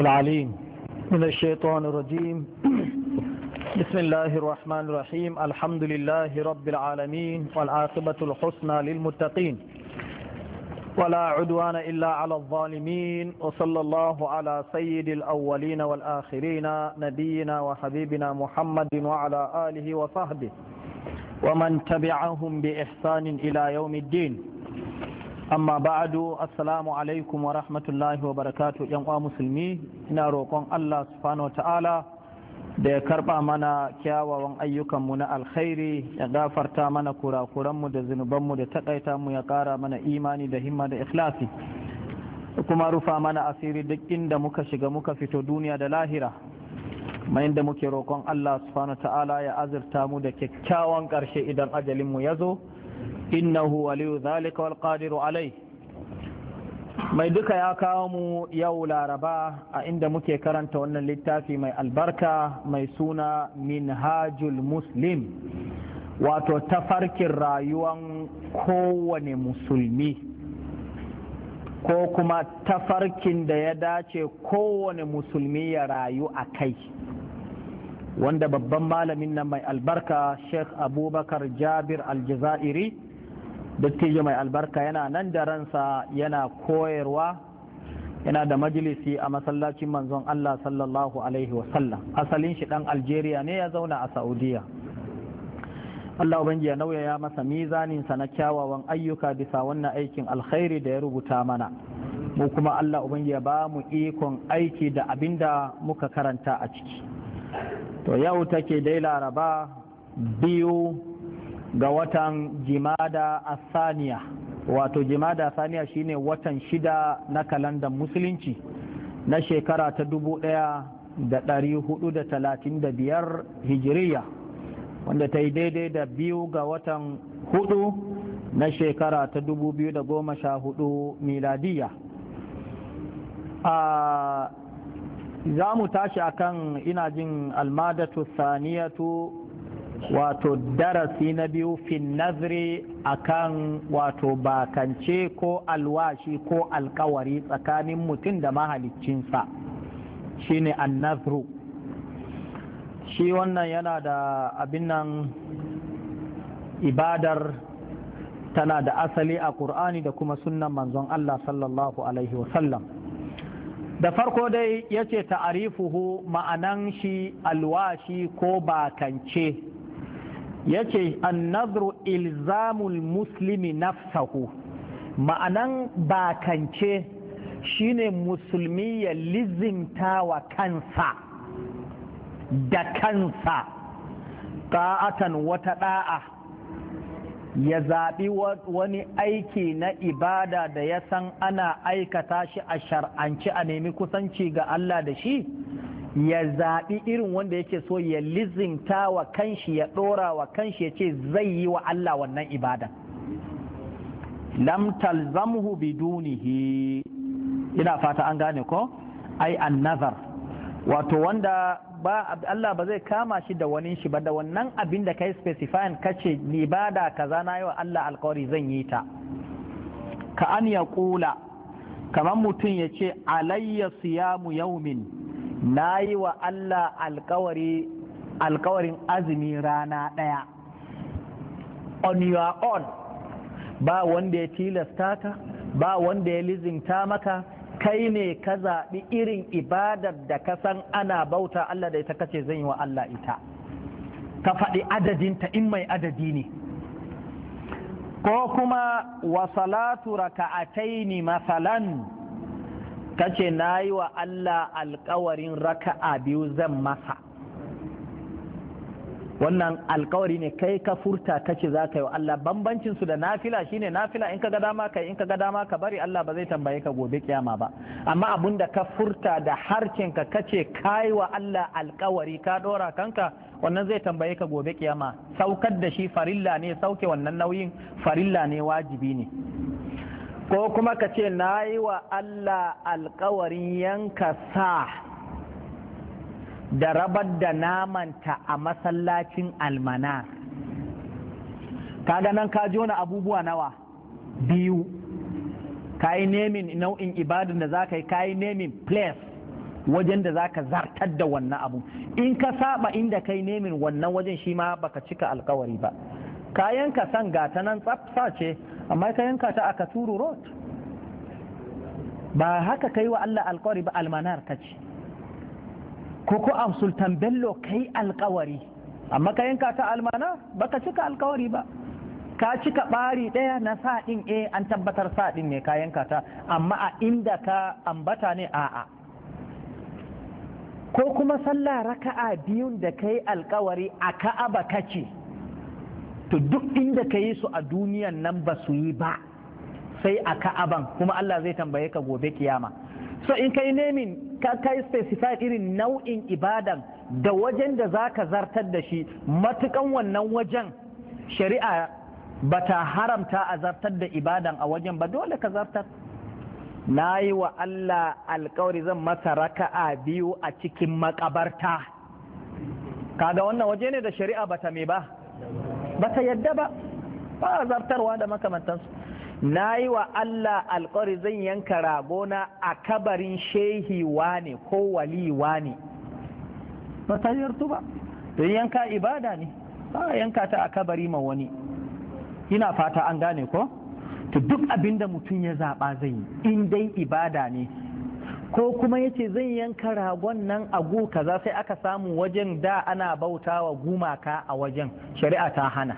العليم من الشيطان الرجيم بسم الله الرحمن الرحيم الحمد لله رب العالمين والعاقبة الحسنى للمتقين ولا عدوان إلا على الظالمين وصلى الله على سيد الأولين والآخرين نبينا وحبيبنا محمد وعلى آله وصحبه ومن تبعهم بإحسان إلى يوم الدين amma ba'adu assalamu alaikum wa rahmatullahi wa barakatu yan uwa musulmi ina roƙon Allah subhanahu wa ta'ala da ya karɓa mana kyawawan ayyukanmu na alkhairi ya gafarta mana kurakuranmu da zunubanmu da takaita mu ya ƙara mana imani da himma da ikhlasi kuma rufa mana asiri duk inda muka shiga muka fito duniya da lahira mai inda muke roƙon Allah subhanahu wa ta'ala ya azurta mu da kyakkyawan ƙarshe idan ajalinmu ya zo innahu waliyu zalika wal qadiru alai mai duka ya kawo mu yau laraba a inda muke karanta wannan littafi mai albarka mai suna minhajul muslim wato tafarkin rayuwan kowane musulmi ko kuma tafarkin da ya dace kowane musulmi ya rayu a kai wanda babban malamin nan mai albarka sheikh abubakar jabir aljazairi dattijo mai albarka yana nan da ransa yana koyarwa yana da majalisi a masallacin manzon Allah sallallahu alaihi wasallam asalin shi dan Algeria ne ya zauna a Saudiya Allah ubangi ya ya masa mizaninsa na kyawawan ayyuka bisa wannan aikin alkhairi da ya rubuta mana mu kuma Allah ubangi ya ba mu ikon aiki da abinda muka karanta a ciki to yau take dai laraba biyu ga watan jimada asaniya wato jimada asaniya shine watan shida na kalandar musulunci na shekara ta dubu ɗaya da ɗari hudu da talatin da biyar hijiriya wanda ta yi daidai da biyu ga watan hudu na shekara ta dubu biyu da goma sha hudu miladiya a za mu tashi akan ina jin almadatu saniyatu wato darasi na biyu fin nazari kan wato bakance ko alwashi ko alkawari tsakanin mutum da mahaliccinsa shine an shi wannan yana da abin nan ibadar tana da asali a ƙur'ani da kuma sunnan manzon Allah sallallahu alaihi wasallam da farko dai ya ce ta'arifuhu ma'anan shi alwashi ko bakance yace annadru ilzamul muslimi nafsahu ma'anan bakance shine musulmi ya lizinta wa kansa da kansa ta'atan wata da'a ya zaɓi wani aiki na ibada da ya san ana aikata shi a shar'anci a nemi kusanci ga Allah da shi ya zaɓi irin wanda yake so ya lizinta wa kanshi ya ɗora wa kanshi ya ce zai yi wa Allah wannan ibada lam talzamhu bidunihi ina fata an gane ko ai an nazar wato wanda ba Allah ba zai kama shi da wani shi ba da wannan abin da ka yi specifying kace ni ibada kaza na yi wa Allah alkawari zan yi ta ka an ya kula kamar mutum ya ce alayya siyamu yaumin na yi wa Allah alkawarin azumi rana ɗaya on your own ba wanda ya tilasta ka ba wanda ya lizinta maka kai ne ka zaɓi irin ibadar da ka san ana bauta Allah da ita kace zan yi wa Allah ita ka faɗi adadinta in mai adadi ne ko kuma wa salatu raka'ataini masalan Kace ce na yi wa Allah alkawarin raka'a biyu zan masa wannan alkawari ne kai ka furta ka ce za ka yi wa Allah bambancin da nafila shine nafila in ka ga dama ka in ka ga dama ka bari Allah ba zai tambaye ka gobe kiyama ba amma abun da ka furta da harkin ka kace kai wa Allah alkawari ka dora kanka wannan zai tambaye ka gobe kiyama saukar da shi farilla ne sauke wannan nauyin farilla ne wajibi ne ko kuma ka ce na yi wa Allah alkawarin yanka sa da rabar da namanta a masallacin almana kaga nan ka jona abubuwa nawa biyu ka yi nemin nau'in ibadun da za ka yi ka yi nemin place wajen da za ka zartar da wannan abu in ka saba inda ka yi nemin wannan wajen shi ma baka cika alkawari ba kayan ka san gata nan tsafsa ce amma ka yanka ta a katuru road ba haka kai wa Allah alƙawari ba almanar ka ce ko ko am sultan bello kai alƙawari amma ka yanka ta almana ba ka cika alƙawari ba ka cika bari ɗaya na saɗin e eh, an tabbatar saɗin ne ka yanka ta amma a inda ka ambata ne a'a ko kuma sallah raka'a biyun da kai alƙawari a ka'aba kace to duk inda ka yi su a duniyan nan ba su yi ba sai a ka'aban kuma Allah zai tambaye ka gobe kiyama so in kai nemin ka kai specify irin nau'in ibadan da wajen da za ka zartar da shi matukan wannan wajen shari'a ba ta haramta a zartar da ibadan a wajen ba dole ka zartar na yi wa Allah alkawari zan masa raka'a biyu a cikin makabarta kaga wannan waje ne da shari'a ba ta me ba ba ta yadda ba ba zartarwa da makamantansu na yi wa Allah alƙari zan yanka ragona a kabarin shehi wane ko wali wane. ba ta yartu ba don yanka ibada ne ba yanka ta a kabari ma wani ina fata an gane ko to duk abinda mutum ya zaɓa zai yi in dai ibada ne ko kuma yace zan yanka ragon nan a gu kaza sai aka samu wajen da ana bauta wa gumaka a wajen shari'a ta hana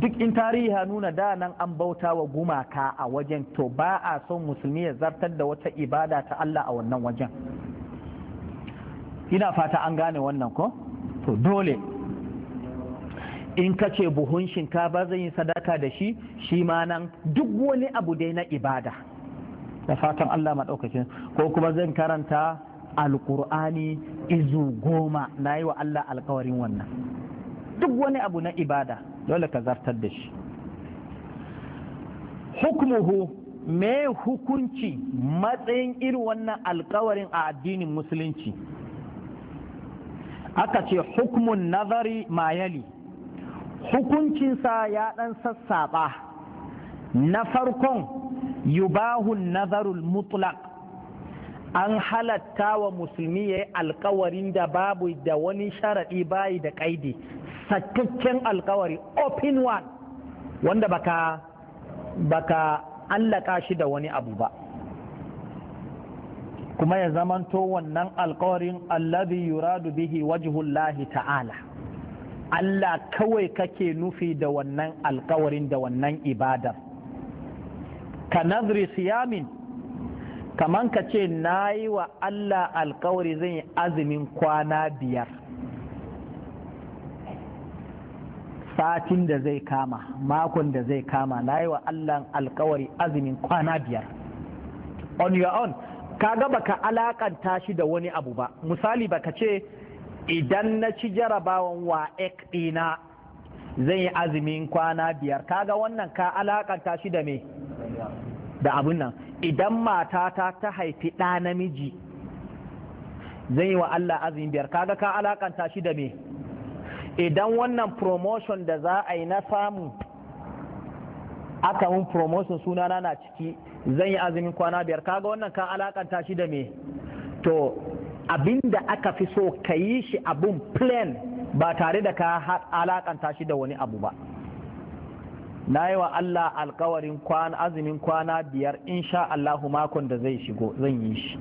duk in tarihi nuna da nan an bauta wa gumaka a wajen to ba a son musulmi ya zartar da wata ibada ta Allah a wannan wajen ina fata an gane wannan ko to dole in ka ce buhun shinkafa zai yi sadaka da shi shi ma nan duk wani abu dai na ibada da fatan Allah maɗaukacin ko kuma zan karanta alƙur'ani izu goma na yi wa Allah alƙawarin wannan duk wani abu na ibada dole ka zartar da shi hukumuhu me hukunci matsayin irin wannan alƙawarin a addinin musulunci aka ce hukumun nazari mayali hukuncinsa ya ɗan sassaɓa na farkon yubahu nazarul mutlaq an halatta wa musulmi ya yi alkawarin da babu da wani sharaɗi bayi da ƙaidi sakakken alkawari open one wanda baka baka allaka shi da wani abu ba kuma ya zamanto wannan alkawarin allazi yuradu bihi lahi ta'ala Allah kawai kake nufi da wannan alkawarin da wannan ibadar ka nazri siyamin kaman ka ce na yi wa Allah alkawari zan yi azumin kwana biyar satin da zai kama makon da zai kama na yi wa Allah alkawari azumin kwana biyar on your own kaga baka alakanta shi da wani abu ba misali baka ce idan na ci jarabawan wa ɗina zai yi azumin kwana biyar kaga wannan ka alakanta shi da me da abin nan idan matata ta haifi ɗa namiji zai yi wa Allah azumin biyar kaga ka alakanta shi da me idan wannan promotion da za a yi na samu aka mun promotion sunana na ciki zan yi azumin kwana biyar kaga wannan ka alakanta shi da me to abin da aka fi so ka yi shi abun plan ba tare da ka alakanta shi da wani abu ba na yi wa Allah alkawarin kwana azumin kwana biyar insha Allah makon da zai shigo zan yi shi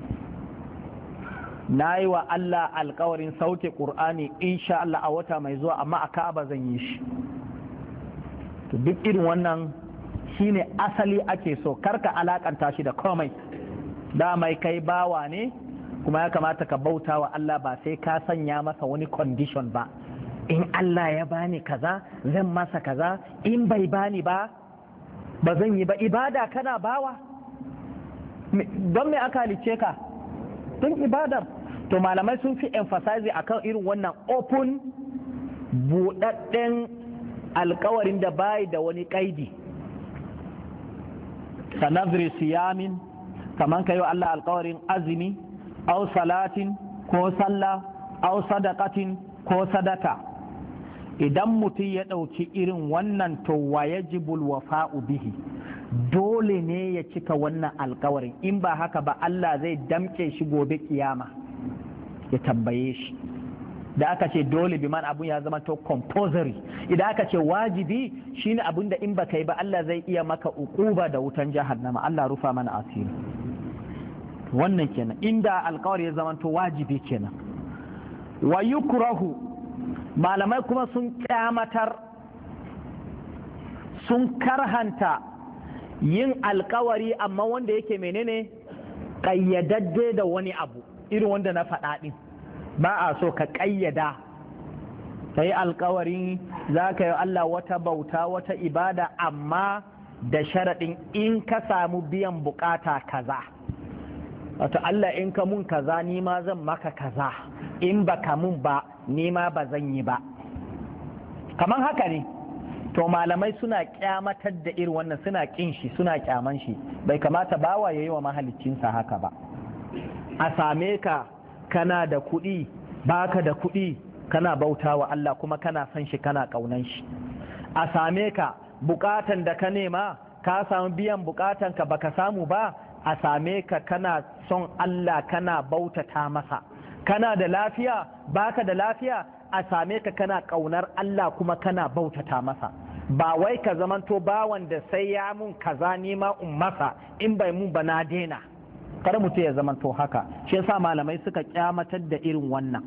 na yi wa Allah alkawarin sauke ƙur'ani insha Allah a wata mai zuwa amma a ka'aba zan yi shi to duk irin wannan shine asali ake so karka alakanta shi da komai da mai kai bawa ne kuma ya kamata ka bauta wa Allah ba sai ka sanya masa wani condition ba in Allah ya bani kaza zan masa kaza in bai bani ba ba zan yi ba ibada kana bawa don me aka halice ka don ibadar to malamai sun fi emphasize akan irin wannan open buɗaɗɗen alkawarin da bai da wani kaidi sanadri siyamin kaman kayo Allah alkawarin azumi au salatin ko sallah au sadaqatin ko sadaka idan mutum ya ɗauki irin wannan to wa yajibul wafa'u bihi dole ne ya cika wannan alkawarin in ba haka ba Allah zai damke shi gobe kiyama ya tambaye shi da aka ce dole biman abun ya zama to compulsory idan aka ce wajibi shine abun da in ba kai ba Allah zai iya maka ukuba da wutan jahannama Allah rufa mana asiri wannan kenan inda alkawari ya zama to wajibi kenan wa yukrahu malamai kuma sun kyamatar sun karhanta yin alkawari amma wanda yake menene ƙayyadadde da wani abu irin wanda na faɗaɗi ba a so ka ƙayyada ka yi alkawarin za ka yi Allah wata bauta wata ibada amma da sharaɗin in ka samu biyan bukata kaza wato Allah in ka mun kaza ni ma zan maka kaza in ba ka mun ba ni ba zan yi ba kaman haka ne to malamai suna kyamatar da irin wannan suna kin shi suna kyaman shi bai kamata bawa ya yi wa mahalicinsa haka ba a same ka kana da kuɗi baka da kuɗi kana bauta wa Allah kuma kana son shi kana ƙaunan shi a same ka bukatan da ka nema ka samu biyan bukatan ka baka samu ba a same ka kana son Allah kana bautata masa kana da lafiya baka da lafiya a same ka kana ƙaunar Allah kuma kana bautata masa ba wai ka zamanto ba wanda sai ya mun kaza nima in masa in bai mun ba na daina kar mutum ya zamanto haka shi yasa malamai suka kyamatar da irin wannan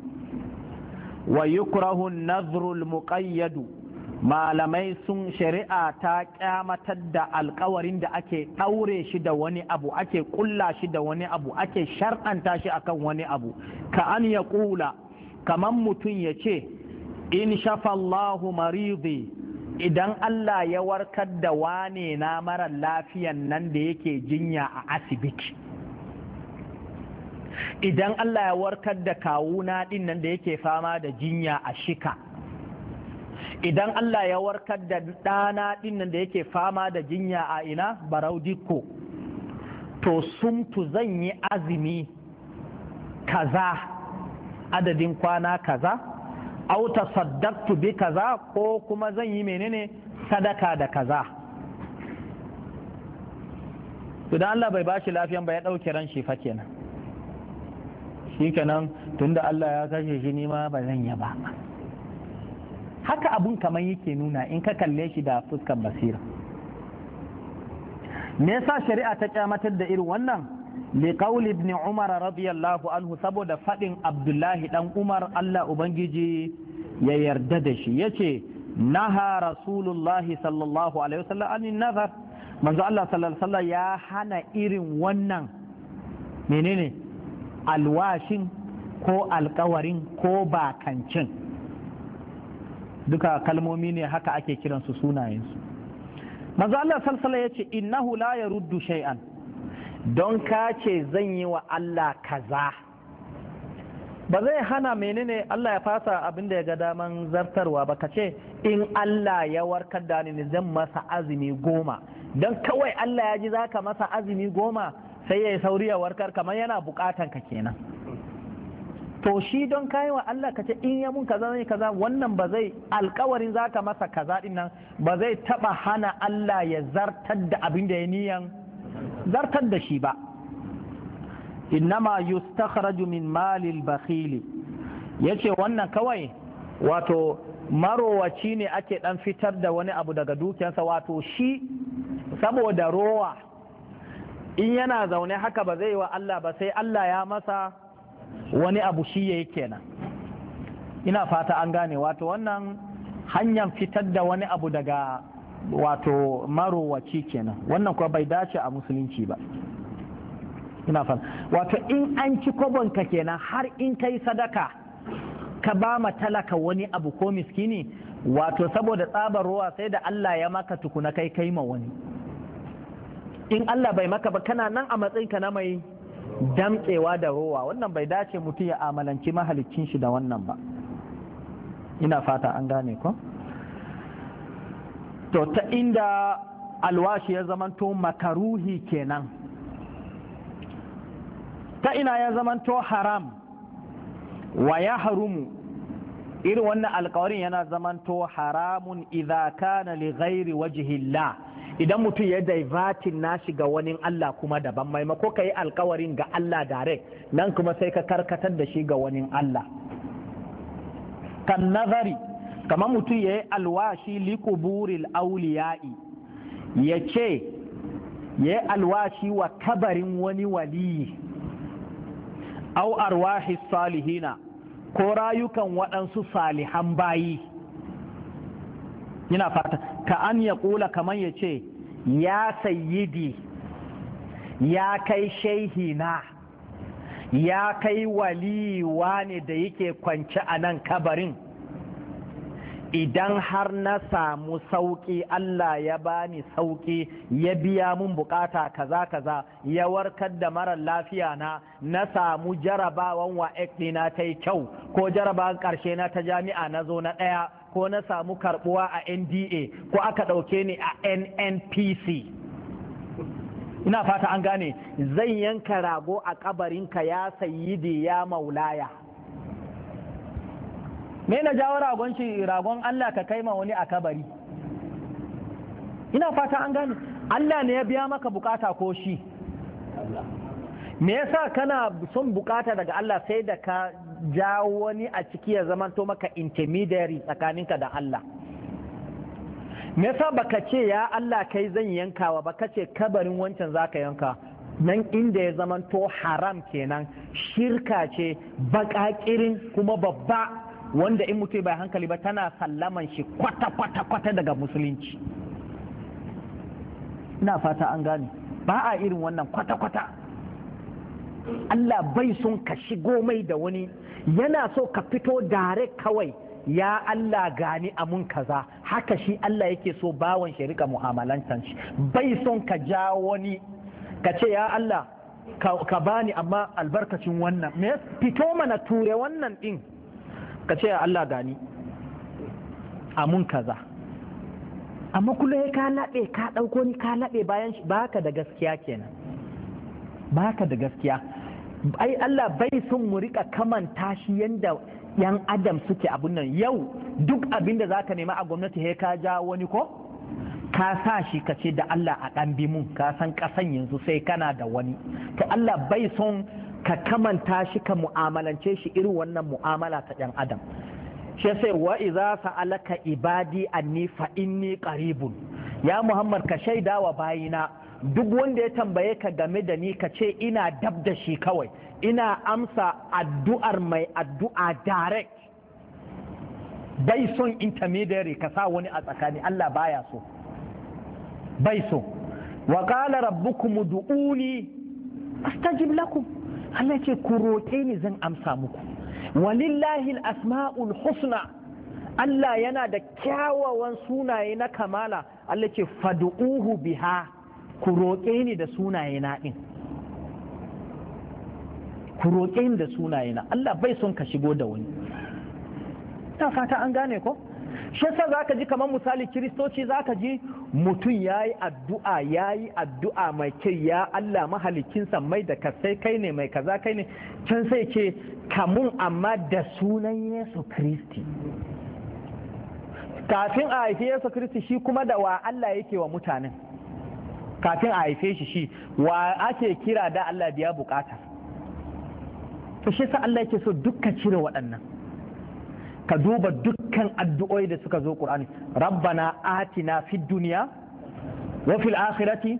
wa yukrahu nazrul muqayyadu malamai sun shari'a ta kyamatar da alkawarin da ake ɗaure shi da wani abu ake ƙulla shi da wani abu ake shar'anta shi akan wani abu ka an ya kula kamar mutum ya ce in shafallahu maridi idan Allah ya warkar da wane na mara lafiyan nan da yake jinya a asibiti idan Allah ya warkar da kawuna ɗin nan da yake fama da jinya a shika idan Allah ya warkar da ɗana ɗinnan da yake fama da jinya a ina baraudiko to sumtu zan yi azumi kaza adadin kwana kaza au tasaddaqtu bi kaza ko kuma zan yi menene sadaka da kaza to Allah bai bashi lafiyan ba ya dauke ran shi fa kenan Shi kenan tunda Allah ya kashe shi ni ma ba zan yi ba haka abun kamar yake nuna in ka kalle shi da fuskan basira me yasa shari'a ta kyamatar da irin wannan liqaul ibn umar radiyallahu anhu saboda fadin abdullahi dan umar Allah ubangiji ya yarda da shi yace naha rasulullahi sallallahu alaihi wasallam anin nazar manzo Allah sallallahu alaihi ya hana irin wannan menene alwashin ko alkawarin ko bakancin duka kalmomi ne haka ake kiransu sunayensu manzo Allah salsala ya ce innahu la ruddu shay'an don ka ce zan yi wa Allah kaza ba zai hana menene Allah ya fasa abin da ya ga daman zartarwa ba kace? in Allah ya warkar da ni zan masa azumi goma don kawai Allah ya ji zaka masa azumi goma sai ya yi sauri ya warkar kamar yana bukatan ka kenan to shi don kayi wa Allah ka ce in ya mun kaza zai kaza wannan ba zai alkawarin za ka masa kaza din nan ba zai taba hana Allah ya zartar da abin da ya niyan zartar da shi ba innama yustakhraju min malil bakhil yace wannan kawai wato marowaci ne ake dan fitar da wani abu daga dukiyarsa wato shi saboda rowa in yana zaune haka ba zai wa Allah ba sai Allah ya masa wani abu shi ya yi kenan ina fata an gane wato wannan hanyar fitar da wani abu daga wato marowaci kenan wannan kuwa bai dace a musulunci ba ina fata wato in an ci kwabonka kenan har in kai sadaka ka ba ma talaka wani abu ko miskini wato saboda tsabar ruwa sai da Allah ya maka tukuna kai kai ma wani in Allah bai maka ba kana nan a matsayinka na mai damtsewa da rowa wannan bai dace mutum ya amalanci mahalicin shi da wannan ba ina fata an gane ko to ta inda alwashi ya zamanto makaruhi kenan ta ina ya zamanto haram wa ya harumu irin wannan alkawarin yana zamanto haramun idza kana li ghairi wajhillah idan mutum ya daivatin nashi ga wani Allah kuma daban maimako ka yi alkawarin ga Allah direct nan kuma sai ka karkatar da shi ga wani Allah kan nazari kama mutum ya yi alwashi likuburil auliya'i ya ce ya yi alwashi wa kabarin wani waliyi au arwahi salihina ko rayukan waɗansu salihan bayi yana fata ka an ya kula kamar ya ce ya sayyidi ya kai shaihina ya kai waliwa ne da yake kwanci a nan kabarin idan har na samu sauƙi Allah ya bani sauƙi ya biya mun bukata kaza kaza ya warkar da marar lafiya na na samu jarabawan wa ɗina ta yi kyau ko jarabawan ƙarshe na ta jami'a na zo na ɗaya ko na samu karbuwa a nda ko aka ɗauke ni a nnpc ina fata an gane zan yanka rago a kabarinka ya da ya maulaya me na jawo ragon shi ragon allah ka kai ma wani a kabari ina fata an gane allah ne ya biya maka bukata ko shi me yasa kana son bukata daga allah sai da ka jawo wani a ciki ya zamanto maka intermediary tsakaninka da Allah me yasa baka ce ya Allah kai zan yankawa ba ce kabarin wancan zaka yanka nan inda ya zamanto haram kenan shirka ce baƙaƙirin kuma babba wanda in mutum bai hankali ba tana sallaman shi kwata-kwata-kwata daga musulunci ina fata an gane ba a irin wannan kwata-kwata Allah bai sun ka shigo mai da wani yana so ka fito dare kawai ya Allah gani a mun kaza haka shi Allah yake so bawan shi rika mu'amalantan shi bai son ka ja wani ka ce ya Allah ka bani amma albarkacin wannan me fito mana ture wannan din ka ce ya Allah gani a mun kaza amma ya ka laɓe ka ɗauko ni ka laɓe bayan shi baka da gaskiya kenan baka da gaskiya ai Allah bai son mu rika kamanta shi yanda yan adam suke abun nan yau duk abin da zaka nema a gwamnati he ka ja wani ko ka sa shi ka ce da Allah a ɗan bi mun ka san ƙasan yanzu sai kana da wani to Allah bai son ka kamanta shi ka mu'amalance shi irin wannan mu'amala ta ɗan adam shi sai wa iza sa'alaka ibadi anni fa inni qaribun ya Muhammad ka shaida wa bayina duk wanda ya tambaye ka game da ni ka ce ina dab da shi kawai ina amsa addu'ar mai addu'a direct bai son intermediary ka sa wani a tsakani Allah baya so bai so wa qala rabbukum du'uni astajib lakum Allah ce ku rote ni zan amsa muku walillahi al-asma'ul husna Allah yana da kyawawan sunaye na kamala Allah ce fad'uhu biha ku roƙe ni da sunaye na ɗin ku roƙe ni da sunaye na Allah bai son ka shigo da wani ta fata an gane ko shi yasa zaka ji kamar misali kiristoci zaka ji mutum yayi addu'a yayi addu'a mai kyau ya Allah mahalikinsa mai da ka sai kai ne mai kaza kai ne can sai ce kamun amma da sunan Yesu Kristi kafin a haifi Yesu Kristi shi kuma da wa Allah yake wa mutanen kafin a haife shi shi wa ake kira da Allah biya bukata to shi sa Allah yake so dukkan cire waɗannan ka duba dukkan addu'o'i da suka zo Qur'ani rabbana atina fid dunya wa fil akhirati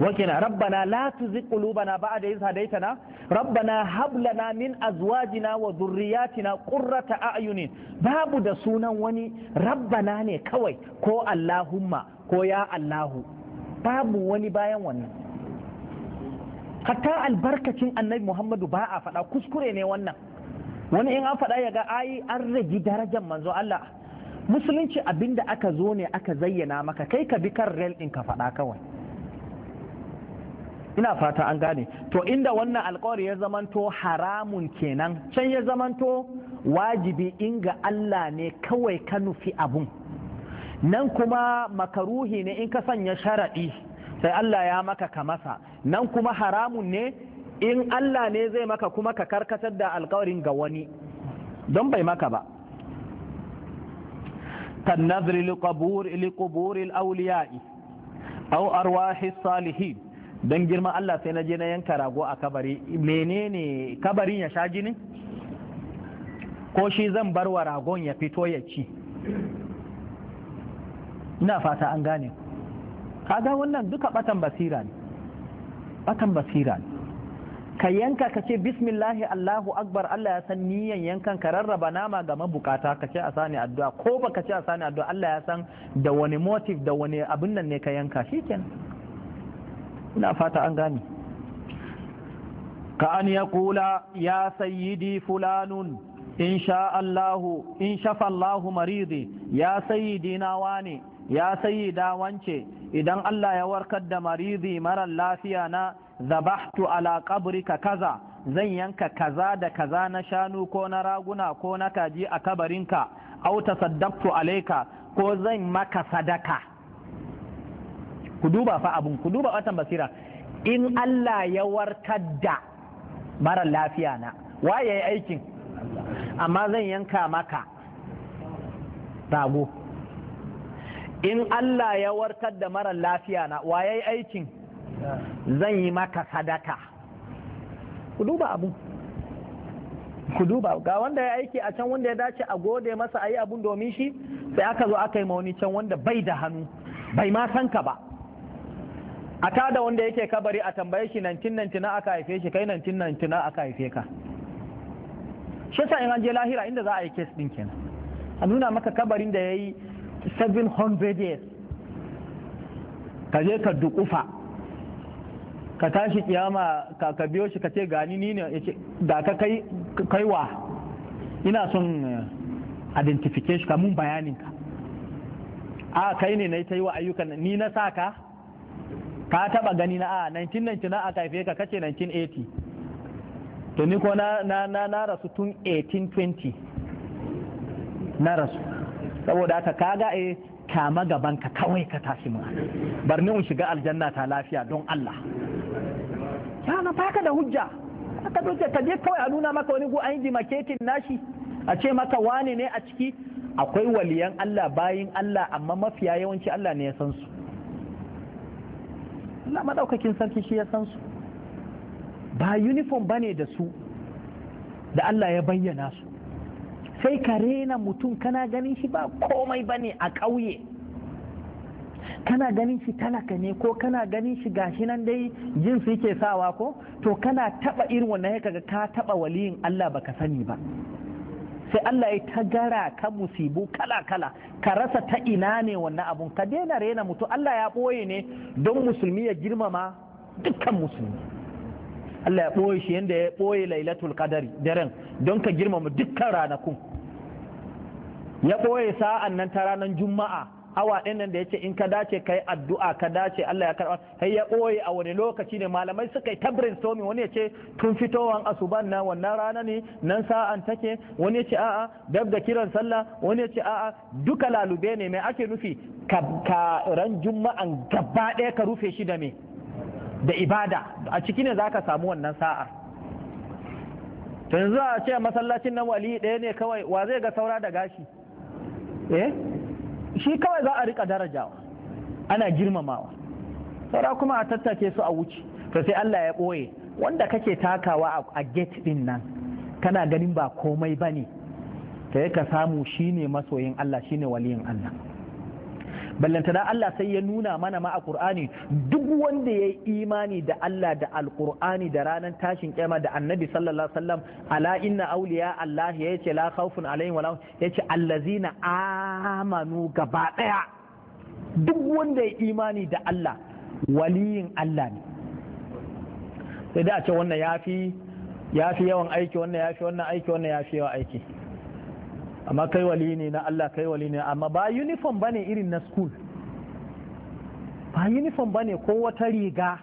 wa qina rabbana la tuzigh qulubana ba'da idh hadaytana rabbana hab lana min azwajina wa dhurriyyatina qurrata a'yunin babu da sunan wani rabbana ne kawai ko allahumma ko ya allahu babu wani bayan wannan hatta albarkacin annabi muhammadu ba a faɗa kuskure ne wannan wani in an faɗa ya ga ai an rage darajar manzo Allah musulunci abinda aka zo ne aka zayyana maka kai ka bi kan rel ɗin ka faɗa kawai ina fata an gane to inda wannan alkawari ya zamanto haramun kenan can ya zamanto wajibi inga Allah ne kawai ka nufi abun nan kuma makaruhi ne in ka sanya sharaɗi sai Allah ya maka ka masa nan kuma haramun ne in Allah ne zai maka kuma ka karkatar da alkawarin ga wani don bai maka ba Kan لقبور لقبور الأولياء أو أرواح don girma girman Allah sai na je na yanka rago a kabari menene kabarin ya sha jini ko shi zan bar wa ragon ya fito ya ci ina fata an gane kaga wannan duka batan basira ne batan basira ne ka yanka ka ce bismillahi allahu akbar allah ya san niyan yankan ka rarraba nama ga mabukata ka ce a sani addu'a ko ba ka ce a sani addu'a allah ya san da wani motif da wani abin nan ne ka yanka shikenan ina fata an gane ka an ya kula ya sayyidi fulanun in sha allahu in shafa allahu maridi ya sayyidi na wane ya sayi wance idan Allah ya warkar da marizi marar lafiya na zabahtu ala ka kaza zan yanka kaza da kaza na shanu ko na raguna ko na kaji a kabarinka au tasaddaqtu alayka ko zan maka sadaka ku duba fa abun ku duba watan basira in Allah ya warkar da marar lafiya na waye aikin amma zan yanka maka rago in Allah ya warkar da mara lafiya na waye aikin zan yi maka sadaka ku duba abu ku duba ga wanda ya aiki a can wanda ya dace a gode masa a yi abun domin shi sai aka zo aka yi mauni can wanda bai da hannu bai ma san ka ba a tada wanda yake kabari a tambaye shi 1999 aka haife shi kai 1999 aka haife ka shi sa in an je lahira inda za a yi kes din kenan a nuna maka kabarin da yayi 700 years ka je ka dukufa ka tashi kiyama ka ka biyo shi ka ce gani ni ne yace da ka kai kaiwa ina son eh, identification ka mun bayanin ka a kai ne na ta yi wa ayyukan ni na sa ka ka taba gani na a 1999 a aka haife ka kace 1980 to ni ko na na na rasu tun 1820 na rasu saboda haka kaga eh kama gaban ka kawai ka tashi mu bar ni in shiga aljanna ta lafiya don Allah ya na baka da hujja aka doke ka je kawai a nuna maka wani gu an yi maketin nashi a ce maka wane ne a ciki akwai waliyan Allah bayin Allah amma mafiya yawanci Allah ne ya san su Allah madaukakin sarki shi ya san su ba uniform bane da su da Allah ya bayyana su sai ka rena mutum kana ganin shi ba komai ba ne a ƙauye kana ganin shi talaka ne ko kana ganin shi gashi nan dai jin su yake sawa ko to kana taba irin wannan ya kaga ka taba waliyin Allah baka sani ba sai Allah ya tagara ka musibu kala kala ka rasa ta ina ne wannan abun ka daina rena mutum Allah ya boye ne don musulmi ya girmama dukkan musulmi Allah ya ɓoye shi yadda ya ɓoye lailatul qadari daren don ka girmama dukkan ranakun ya ɓoye sa'an nan ta ranar juma'a awa ɗin nan da ya ce in ka dace ka yi addu'a ka dace Allah ya karɓa sai ya ɓoye a wani lokaci ne malamai suka yi ta somi wani ya ce tun fitowar asuban na wannan rana ne nan sa'an take wani ya ce a'a dab da kiran sallah wani ya ce a'a duka lalube ne mai ake nufi ka ran juma'an gaba ɗaya ka rufe shi da me da ibada a ciki ne zaka samu wannan sa'a to yanzu a ce masallacin nan wali ɗaya ne kawai wa zai ga saura da gashi eh shi kawai za a rika darajawa ana girmamawa saura kuma a tattake su a wuce to sai Allah ya ɓoye wanda kake takawa a gate ɗin nan kana ganin ba komai bane ne yi ka samu shine masoyin Allah shine waliyin Allah Ballanta ballantana Allah sai ya nuna mana ma a Qur'ani duk wanda ya yi imani da Allah da Alqur'ani da ranar tashin kyama da Annabi sallallahu alaihi wasallam ala inna awliya Allah ya ce la khawfun alaihim wala yace ce allazina amanu gaba daya duk wanda ya yi imani da Allah waliyin Allah ne sai da a ce wannan yafi yafi yawan aiki wannan yafi wannan aiki wannan yafi yawan aiki amma kai wali ne na Allah kai wali ne amma ba uniform bane irin na school ba uniform bane ko wata riga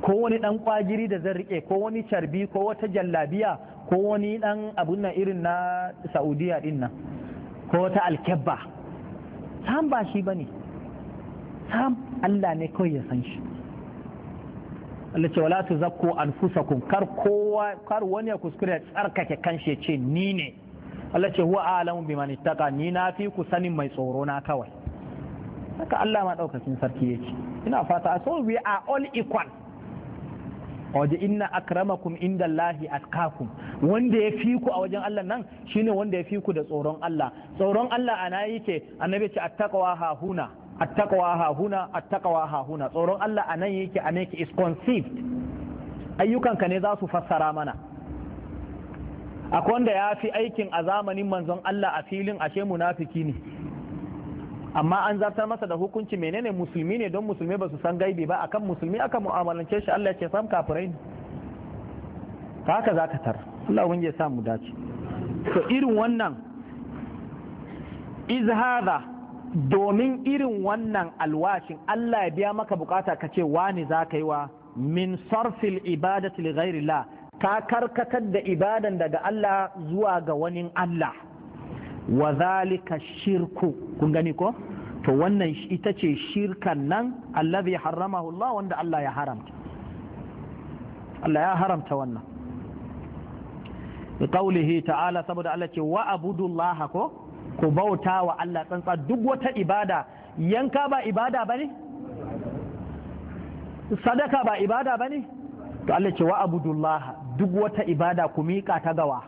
ko wani dan kwajiri da zan rike ko wani carbi ko wata jallabiya ko wani dan abun nan irin na Saudiya din nan ko wata alkebba sam ba shi bane sam Allah ne kawai ya san shi Allah ce wala tuzakku anfusakum kar kowa kar wani ya kuskure tsarkake kanshi ya ce ni ne Allah ce huwa a'lamu mani ittaqa ni na fi ku sanin mai tsoro na kawai haka Allah ma daukakin sarki yake ina fata so we are all equal wajen inna akramakum inda Allahi atkakum wanda ya fi ku a wajen Allah nan shine wanda ya fi ku da tsoron Allah tsoron Allah ana yake annabi ce attaqwa ha huna attaqwa ha huna attaqwa ha huna tsoron Allah anan yake anan yake is conceived ayyukanka ne za su fassara mana akwai wanda ya fi aikin a zamanin manzon Allah a filin ashe munafiki ne amma an zartar masa da hukunci menene musulmi ne don musulmi ba su san gaibi ba akan musulmi aka mu'amalance shi Allah ya ce sam kafirai ne haka za ka tar Allah wani ya sa mu dace to irin wannan izhada domin irin wannan alwashin Allah ya biya maka bukata ka ce wani za ka yi wa min sarfil ibadati li ghairillah ka karkatar da ibadan daga Allah zuwa ga wani Allah wa zalika shirku kun gani ko to wannan ita ce shirkan nan allazi haramahu Allah wanda Allah ya haramta Allah ya haramta wannan qaulihi ta'ala saboda Allah ce wa abudullah ko ku bauta wa Allah tsantsa duk wata ibada yanka ba ibada bane sadaka ba ibada bane to Allah ce wa abudullah duk wata ibada ku miƙa ta gawa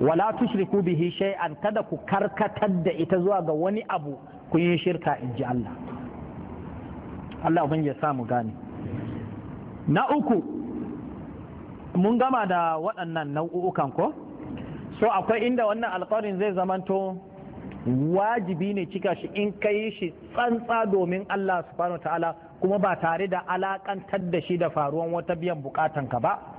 wala tushriku bihi shay'an kada ku karkatar da ita zuwa ga wani abu ku yi shirka in ji Allah Allah abin ya samu gane na uku mun gama da waɗannan nau'ukan ko so akwai inda wannan alƙawarin zai zamanto wajibi ne cika shi in ka yi shi tsantsa domin Allah subhanahu kuma ba tare da alakantar da shi da faruwan wata biyan bukatanka ba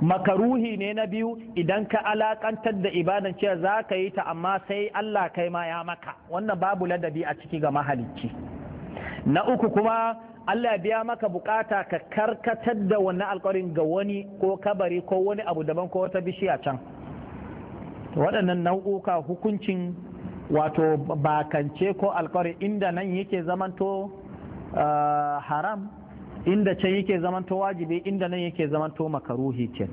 makaruhi ne na biyu idan ka alakantar da ibadan cewa za ka yi ta amma sai Allah kai ma ya maka wannan babu ladabi a ciki ga mahalicci na uku kuma Allah ya biya maka bukata ka karkatar da wannan alkawarin ga wani ko kabari ko wani abu daban ko wata bishiya can waɗannan nau'uka hukuncin wato bakance ko alkawarin inda nan yake zamanto ah, haram inda can yake zamanto wajibi inda nan yake zamanto makaruhi ce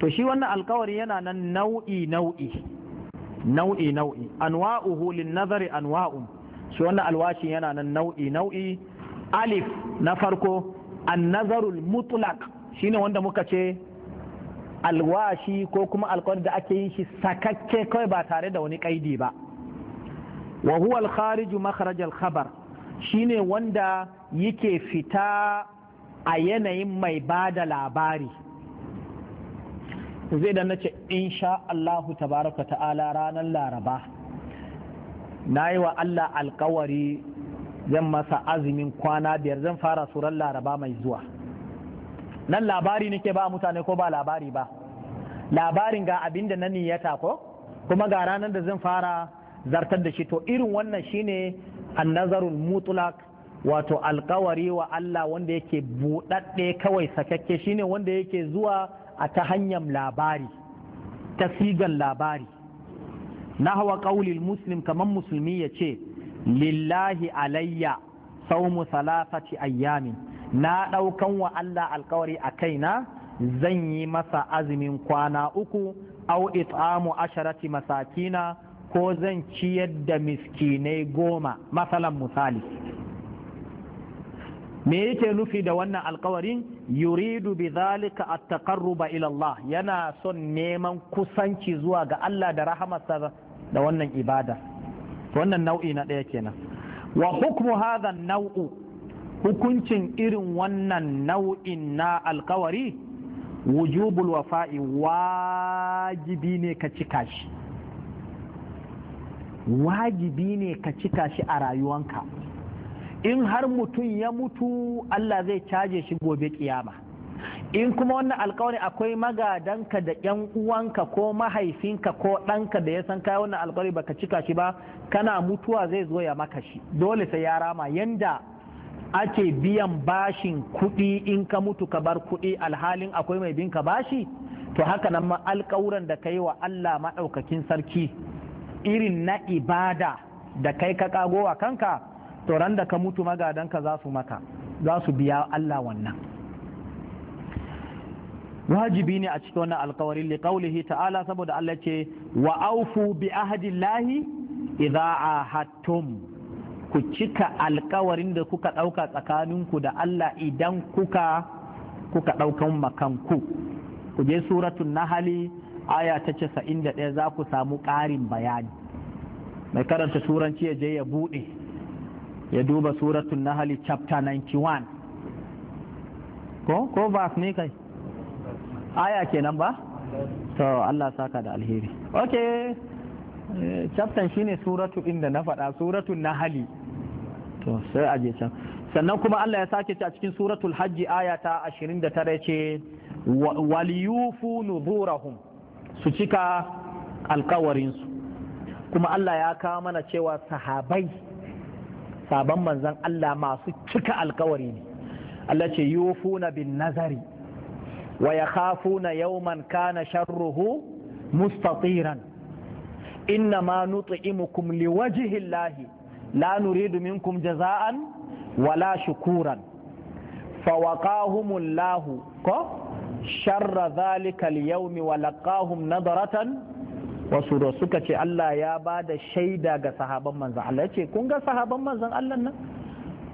to shi wannan alkawari yana nan nau'i nau'i nau'i nau'i anwa'uhu lin nazari anwa'un shi wannan alwashi yana nan nau'i nau'i alif na farko an nazarul mutlaq shine wanda muka ce alwashi ko kuma alkawari da ake yin shi sakakke kawai ba tare da wani kaidi ba wa huwa al-kharij makhraj al-khabar shine wanda yake fita a yanayin mai ba da labari zai da nace insha Allahu tabaraka ta'ala ranar laraba na yi wa Allah alkawari zan masa azumin kwana biyar zan fara suran laraba mai zuwa nan labari nake ba mutane ko ba labari ba labarin ga abinda da na niyata ko kuma ga ranar da zan fara zartar da shi to irin wannan shine annazarul mutlak wato alkawari wa Allah wanda yake buɗaɗɗe kawai sakakke shine wanda yake zuwa a ta hanyar labari ta sigan labari na hawa muslim kamar musulmi ya ce lillahi alayya saumu salasati ayyamin na ɗaukan wa Allah alkawari a kaina zan yi masa azumin kwana uku au it'amu asharati masakina ko zan ciyar da miskinai goma masalan misali me yake nufi da wannan alkawarin yuridu bi zalika at-taqarruba ila Allah yana son neman kusanci zuwa ga Allah da rahamarsa da wannan ibada wannan nau'i na ɗaya kenan wa hukmu hadha nau'u hukuncin irin wannan nau'in na alkawari wujubul wafa'i wajibi ne ka cika shi wajibi ne ka cika shi a rayuwanka in har mutum ya mutu Allah zai caje shi gobe kiyama in kuma wannan alkawari akwai magadanka da yan uwanka ko mahaifinka ko ɗanka da ya san kai wannan alkawari baka cika shi ba kana mutuwa zai zo ya maka shi dole sai ya rama yanda ake biyan bashin kuɗi in ka mutu ka bar kuɗi alhalin akwai mai binka bashi to haka nan ma alkawuran da ka yi wa Allah maɗaukakin sarki irin na ibada da kai ka kago a kanka to ran da ka mutu magadanka za su maka za su biya Allah wannan wajibi ne a cikin wannan alkawarin liqaulihi ta'ala saboda Allah ce wa aufu bi ahdillahi idza ahadtum ku cika alkawarin da kuka ɗauka tsakaninku da Allah idan kuka kuka ɗaukan makanku ku je suratul nahali aya ta casa'in da ɗaya za ku samu ƙarin bayani mai karanta turanci ya je ya buɗe ya duba suratun nahali chapter 91 ko ko ba ne kai aya kenan ba to Allah saka da alheri okay eh, chapter shine suratu inda na faɗa suratun nahali to sai a je can sannan kuma Allah ya sake a cikin suratul hajji aya ta 29 ce waliyufu nuburahum su cika alkawarinsu kuma Allah ya kawo mana cewa sahabai sabon manzan Allah masu cika alkawari ne Allah ce yufuna bin nazari wa yakhafuna yawman kana sharruhu mustatiran inna ma nut'imukum liwajhi Allah la nuridu minkum jaza'an wala shukuran fawaqahum Allah ko sharra zalikal yaumi wa laqahum nadaratan wasu da suka ce Allah ya ba da shaida ga sahaban manzan Allah ce kun ga sahaban manzan Allah nan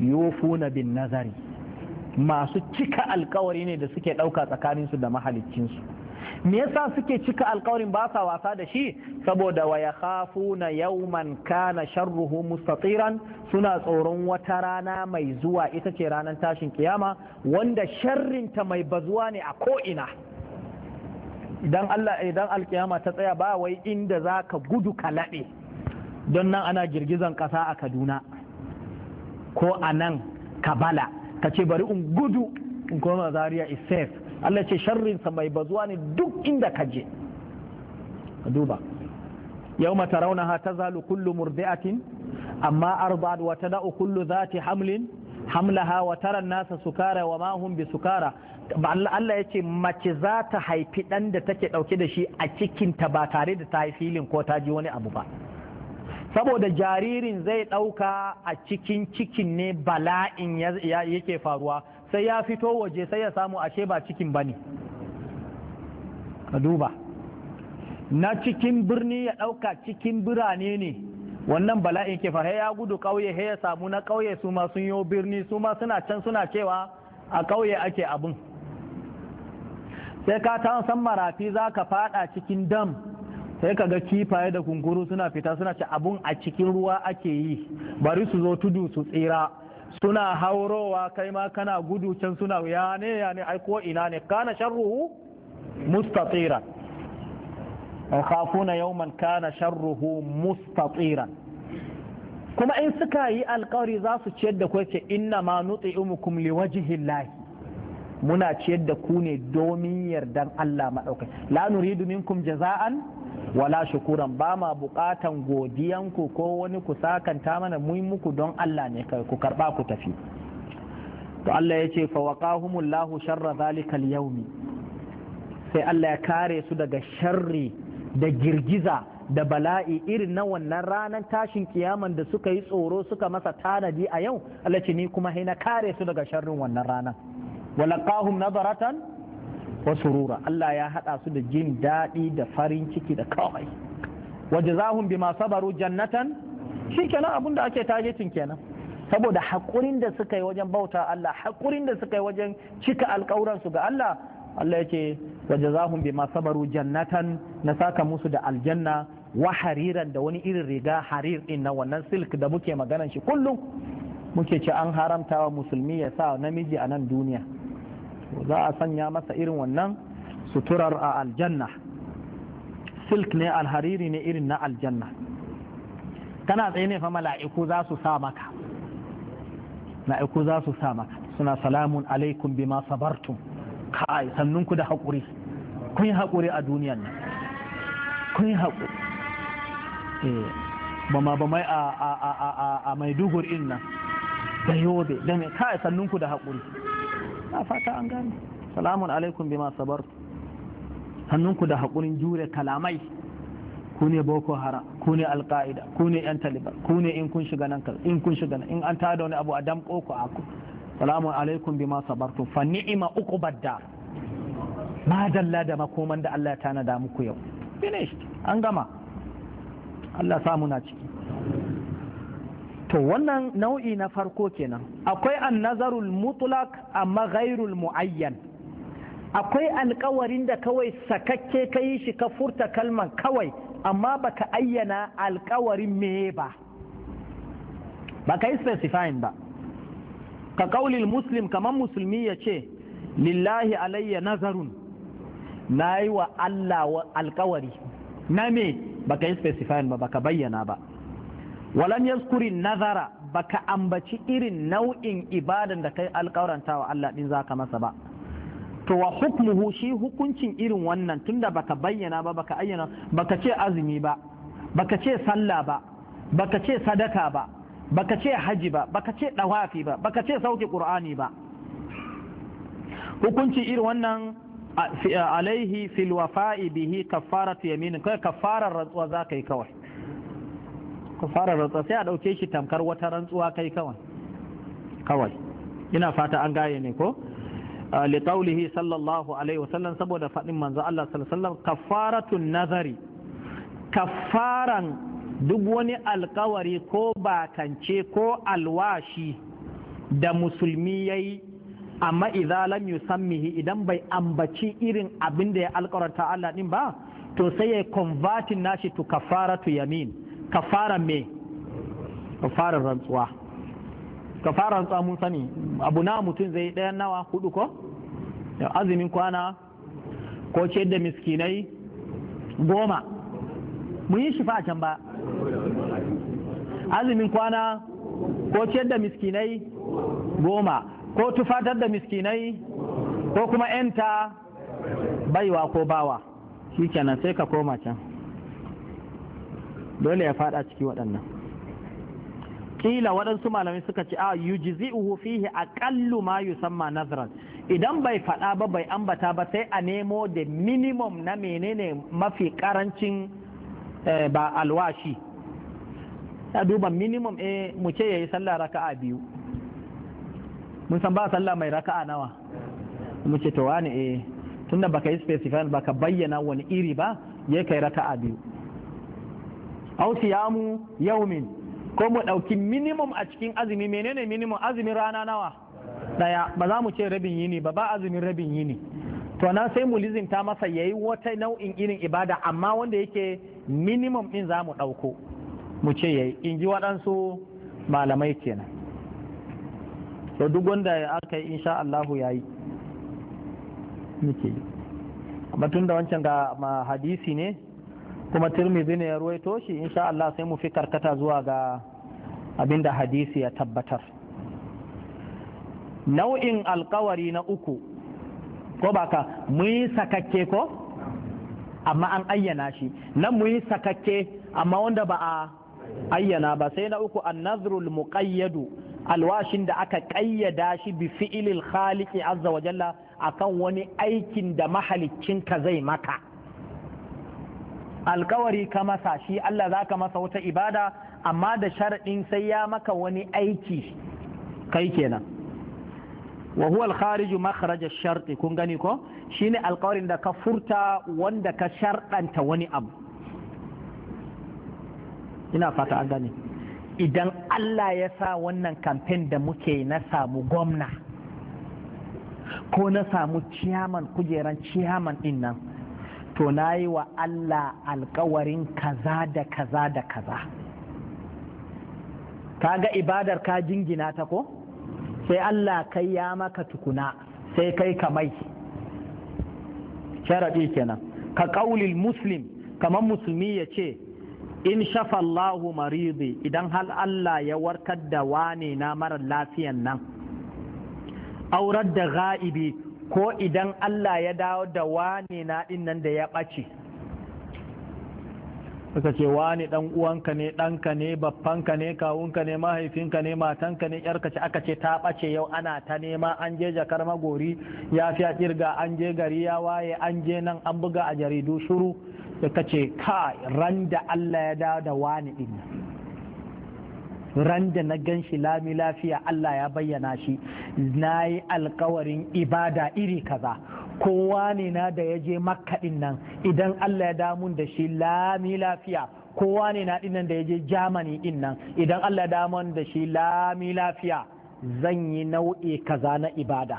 yufuna bin nazari masu cika alkawari ne da suke ɗauka tsakaninsu da mahaliccinsu. me yasa suke cika alkawarin ba sa wasa da shi saboda wa yakhafuna yawman kana sharruhu mustatiran suna tsoron wata rana mai zuwa ita ce ranar tashin kiyama wanda sharrinta mai bazuwa ne a ko'ina idan Allah idan alkiyama ta tsaya ba wai inda zaka gudu ka laɓe don nan ana girgizan ƙasa a Kaduna ko a nan Kabala ka ce bari in gudu in koma Zaria is safe Allah ce sharrinsa mai bazuwa ne duk inda ka je duba yau mata raunaha ta zalu kullu murdi'atin amma arba'ad wa na'ukullu kullu zati hamlin hamlaha wa taran nasa sukara wa ma hum bi sukara Allah ya ce mace za ta haifi ɗan da take ɗauke da shi a cikinta ba tare da ta haifi filin ko ta ji wani abu ba saboda jaririn zai ɗauka a cikin cikin ne bala'in yake faruwa sai ya fito waje sai ya samu ashe ba cikin ba ne ka duba na cikin birni ya ɗauka cikin birane ne wannan bala'in ke fara ya gudu ƙauye he ya samu na ƙauye su ma sun yi birni su ma suna can suna cewa a ƙauye ake abin sai ka ta san marafi za ka fada cikin dam sai ka ga kifaye da kunkuru suna fita suna ce abun a cikin ruwa ake yi bari su zo tudu su tsira suna haurowa kai ma kana gudu can suna ya ne ya ne ai ko ina ne kana sharruhu mustatira khafuna yawman kana sharruhu mustatira kuma in suka yi alkawari za su ciyar da ku inna ma nuti'umukum liwajhi llahi muna ciyar da ku ne domin yardan Allah madaukaki la nuridu minkum jaza'an wala shukuran ba ma buƙatan godiyanku ko wani ku sakanta mana mu muku don Allah ne kai ku karɓa ku tafi to Allah ya ce fa waqahumullahu sharra zalikal yawmi sai Allah ya kare su daga sharri da girgiza da bala'i irin na wannan ranar tashin kiyaman da suka yi tsoro suka masa tanadi a yau Allah ce ni kuma na kare su daga sharrin wannan ranar walaqahum nadaratan wasurura rura Allah ya haɗa su da jin daɗi da farin ciki da kawai wa jazahum bima sabaru jannatan shi kenan abunda ake tagetin kenan saboda haƙurin da suka yi wajen bauta Allah haƙurin da suka yi wajen cika alƙawuran su ga Allah Allah ya ce wa bima sabaru jannatan na saka musu da aljanna wa hariran da wani irin riga harir din na wannan silk da muke maganan shi kullum muke ce an haramta wa musulmi ya sa namiji a nan duniya za a sanya masa irin wannan suturar a aljanna silk ne alhariri ne irin na aljanna kana tsaye ne fa mala'iku za su sa maka mala'iku za su sa maka suna salamun alaikum bima sabartum kai sannunku da haƙuri kun yi haƙuri a duniyan nan kun yi haƙuri eh, ba ma ba mai a maiduguri nan da yobe da mai kai sannunku da haƙuri na fata an gane salamun alaikum bima sabar hannunku da haƙurin jure kalamai ku ne boko haram ku ne alƙa'ida ku ne yan taliban ku ne in kun shiga nan in kun shiga nan in an tada wani abu a damƙo ku a ku salamun alaikum bima sabartum fa ni'ima uku badda. ma dalla da makoman da Allah ya tanada muku yau finished an gama Allah samu na ciki to wannan nau'i na farko kenan akwai an nazarul mutlak amma ghairul muayyan akwai alkawarin da kawai sakakke ka yi shi ka furta kalman kawai amma baka ayyana alkawarin me ba baka yi specifying ba ka kaulil muslim kamar musulmi ya ce lillahi alayya nazarun na yi wa Allah alkawari na me baka yi specifying ba baka bayyana ba walam yaskuri nazara baka ambaci irin nau'in ibadan da kai alƙawaranta wa Allah din zaka masa ba to wa hukmuhu shi hukuncin irin wannan tunda baka bayyana ba baka ayyana baka ce azumi ba baka ce sallah ba baka ce sadaka ba baka ce haji ba baka ce dawafi ba baka ce sauke qur'ani ba hukunci irin wannan alaihi fil wafa'i bihi kaffaratu yamin kai kafarar rantsuwa zakai kawai aka fara rantsuwa sai a ɗauke shi tamkar wata rantsuwa kai kawai kawai ina fata an gaye ne ko liqaulihi sallallahu alaihi wasallam saboda faɗin manzo Allah sallallahu alaihi wasallam kafaratun nazari kafaran duk wani alkawari ko bakance ko alwashi da musulmi yayi amma idza lam yusammihi idan bai ambaci irin abin da ya alkawarta Allah din ba to sai ya convertin nashi to kafaratu yamin kafaran me kafaran rantsuwa kafaran rantsuwa mun sani abu na mutum zai ɗaya nawa hudu ko da azumin kwana ko ce da miskinai goma mun yi shifa a can ba azumin kwana ko ciyar da miskinai goma ko tufatar da miskinai ko kuma 'yanta baiwa ko bawa shi kenan sai ka koma can dole ya fada ciki waɗannan kila waɗansu malamai suka ce a yujzi'uhu fihi aqallu ma yusamma nazaran, idan bai faɗa ba bai ambata ba sai a nemo da minimum na menene mafi karancin eh, ba alwashi ta duba minimum eh mu ce yayi sallah raka'a biyu mun san ba sallah mai raka'a nawa mu ce to wani eh tunda baka yi specify baka bayyana wani iri ba ya kai raka'a biyu aw yau yaumin ko mu ɗauki minimum a cikin azumi menene minimum azumin rana nawa ɗaya ba za mu ce rabin yini ba ba azumin rabin yini to nan sai mu lizinta masa yayi wata nau'in irin ibada amma wanda yake minimum din za mu ɗauko mu ce yayi in ji waɗansu malamai kenan to duk wanda aka yi insha Allahu yayi muke yi batun da wancan ga hadisi ne kuma tirmidhi ne ya ruwaito shi insha Allah sai mu fi karkata zuwa ga abinda hadisi ya tabbatar nau'in alkawari na uku ko baka mu yi sakakke ko amma an ayyana shi nan mu yi sakakke amma wanda ba a ayyana ba sai na uku nazrul muqayyadu alwashin da aka ƙayyada shi bi fi'ilil khaliqi azza wa jalla akan wani aikin da mahaliccinka zai maka alkawari ka masa shi Allah za ka masa wata ibada amma da sharaɗin sai ya maka wani aiki kai kenan wa huwa alkhariju makharaja sharti kun gani ko shine alkawarin da ka furta wanda ka sharɗanta wani abu ina fata an gani idan Allah ya sa wannan kamfen da muke na samu gwamna ko na samu ciyaman kujeran ciyaman din nan to na yi wa Allah alkawarin kaza da kaza da kaza ka ga ibadar ka jingina ta ko sai Allah kai ya maka tukuna sai kai ka mai sharaɗi kenan ka ƙaulil muslim kamar musulmi ya ce in shafa Allahu maridi idan hal Allah ya warkar da wane na marar lafiyan nan aurar da ga'ibi ko idan Allah ya dawo da wane na nan da ya ɓace suka ce wane ɗan uwanka ne ɗanka ne baffanka ne kawunka ne mahaifinka ne matanka ne yarka ce aka ce ta ɓace yau ana ta nema an je jakar magori ya fi kirga an je gari ya waye an je nan an buga a jaridu shuru suka ce kai ran da Allah ya dawo da wane ɗin nan ran da na gan shi lami lafiya Allah ya bayyana shi na yi alkawarin ibada iri kaza kowa ne na da ya je makkaɗin nan idan Allah ya damun da shi lami lafiya kowa ne na dinnan da ya je jamani ɗin nan idan Allah ya damun da shi lami lafiya zan yi nau'i kaza na ibada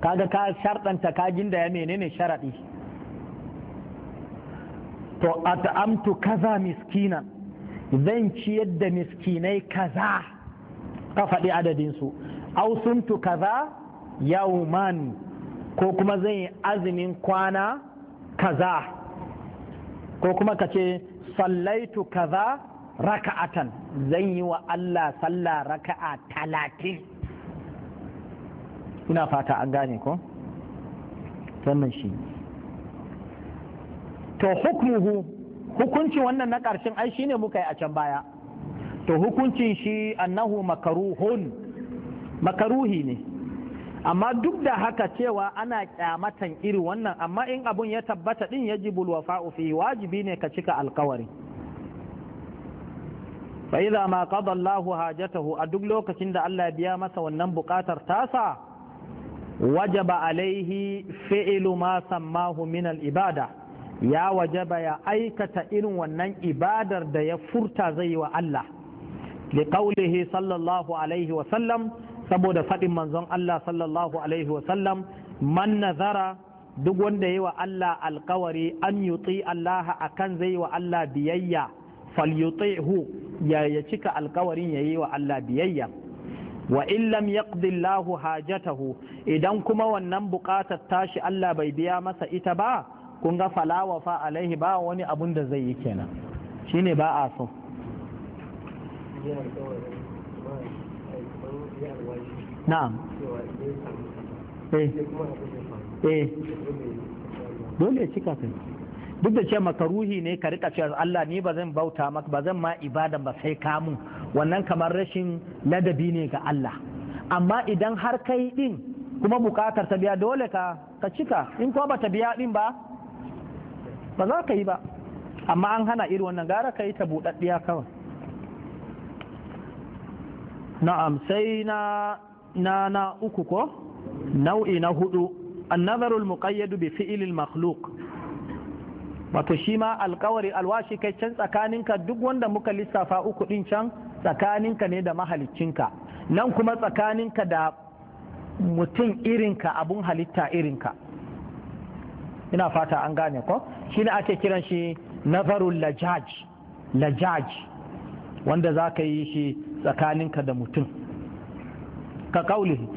kaga ka sharɗanta ka da ya menene sharaɗi to at'amtu kaza miskinan zan ci da miskinai kaza ka faɗi adadinsu ausuntu kaza yauman ko kuma zan yi azumin kwana kaza ko kuma ka ce sallaitu kaza raka'atan zan yi wa Allah sallah raka'a talatin ina fata an gane ko wannan shi to hukmuhu hukunci wannan na ƙarshen ai shine muka yi a can baya to hukuncin shi annahu makaruhun makaruhi ne amma duk da haka cewa ana kyamatan iri wannan amma in abun ya tabbata din ya jibul wafa'u fi wajibi ne ka cika alkawari fa idza ma qada Allahu hajatahu a duk lokacin da Allah biya masa wannan buƙatar tasa wajaba alaihi fi'lu ma sammahu min al-ibada ya wajaba ya aikata irin wannan ibadar da ya furta zai yi wa Allah liqaulihi sallallahu alaihi wa sallam saboda faɗin manzon Allah sallallahu alaihi wa sallam man nazara duk wanda yi wa Allah alkawari an yuti Allah akan zai wa Allah biyayya falyuti'hu ya ya cika alkawarin ya yi wa Allah biyayya wa lam yaqdi Allah hajatahu idan kuma wannan buƙatar tashi Allah bai biya masa ita ba kun ga falawa fa alaihi ba wani abun da zai yi kenan shine ba a so eh. Eh. dole cika kai duk da ce makaruhi ne ka rika cewa Allah ni ba zan bauta maka ba zan ma ibada ba sai ka mun wannan kamar rashin ladabi ne ga Allah amma idan har kai din kuma bukatar ta biya dole ka ka cika in kuma bata biya din ba ba za ka yi ba amma an hana iri wannan gara ka yi ta buɗaɗɗiya kawai na'am sai na na na uku ko nau'i na hudu annazarul muqayyadu bi fi'lil makhluq wato shi ma alkawari alwashi kai can tsakaninka duk wanda muka lissafa uku ɗin can tsakaninka ne da mahalicinka nan kuma tsakaninka da mutum irinka abun halitta irinka ina fata an gane ko shi ne ake kiran shi nazarul lajaj lajaj wanda za ka yi shi tsakaninka da mutum ka kaulihi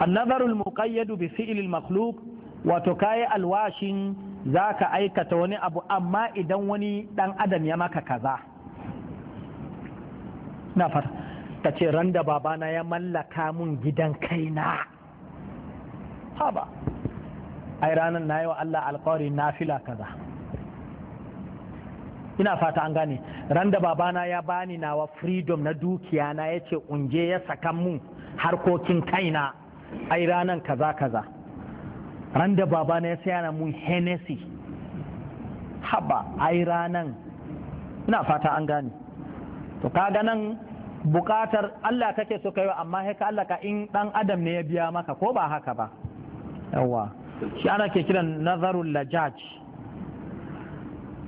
annazarul muqayyadu bi fi'lil makhluq wato kayi alwashin za ka aikata wani abu amma idan wani dan adam ya maka kaza na fata ta ce ran babana ya mallaka mun gidan kaina haba ai ranar na yi wa Allah alƙawari na fila kaza ina fata an gane ran da babana ya bani nawa freedom na dukiya na ya ce unje ya saka mun harkokin kaina ai ranan kaza kaza ran da babana ya sayana mun hennessy haba ai ranan ina fata an gane to kaga nan bukatar Allah kake so kai amma haka Allah ka in dan adam ne ya biya maka ko ba haka ba yawa shi ana ke kiran nazarun lajaj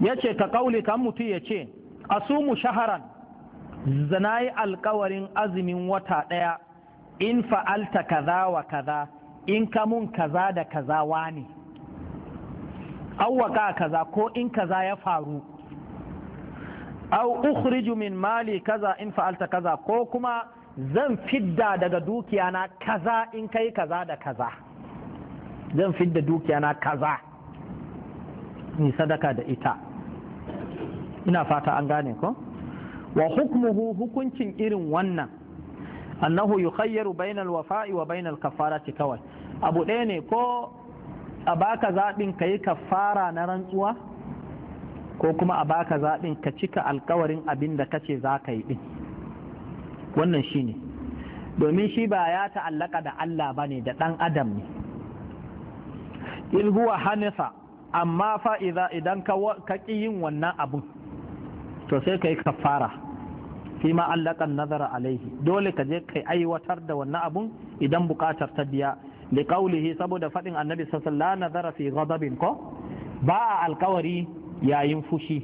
ya ce ka kauli kan mutu ya ce asumu shaharan zana yi alkawarin azumin wata ɗaya in fa'alta kaza wa kaza in ka mun kaza da kaza wani awwaka kaza ko in kaza ya faru au ukhriju min mali kaza in fa'alta kaza ko kuma zan fidda daga dukiya na kaza in kai kaza da kaza zan fi da dukiya na kaza ni sadaka da ita ina fata an gane ko wa hukmuhu hukuncin irin wannan annahu yukhayyaru bainal wafa'i wa bainal kafarati kawai abu ɗaya ne ko a baka zaɓin ka yi kafara na rantsuwa ko kuma a baka zaɓin ka cika alkawarin abin da kace za ka yi ɗin wannan shi ne domin shi ba ya ta'allaka da Allah ba ne da ɗan adam ne in huwa hanifa amma fa'iza idan ka ƙi yin wannan abun to sai ka yi kafara fi ma allakan nazara alaihi dole ka je ka aiwatar da wannan abun idan buƙatar ta biya da kaulihi saboda faɗin annabi sassan la nazara fi ghadabin ko ba a alkawari yayin fushi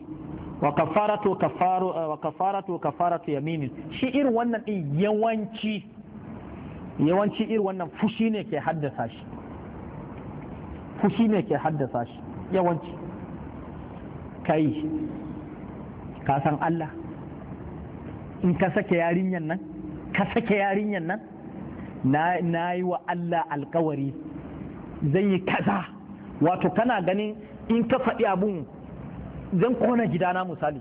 wa kafaratu kafaru eh, wa kafaratu kafaratu yaminin shi irin wannan yawanci yawanci irin wannan fushi ne ke haddasa shi fushi ne ke haddasa shi yawanci kai ka san Allah in ka sake yarinyan nan ka sake yarinyan nan na yi wa Allah alkawari Zan yi kaza wato kana ganin in ka faɗi abun zan kona gidana misali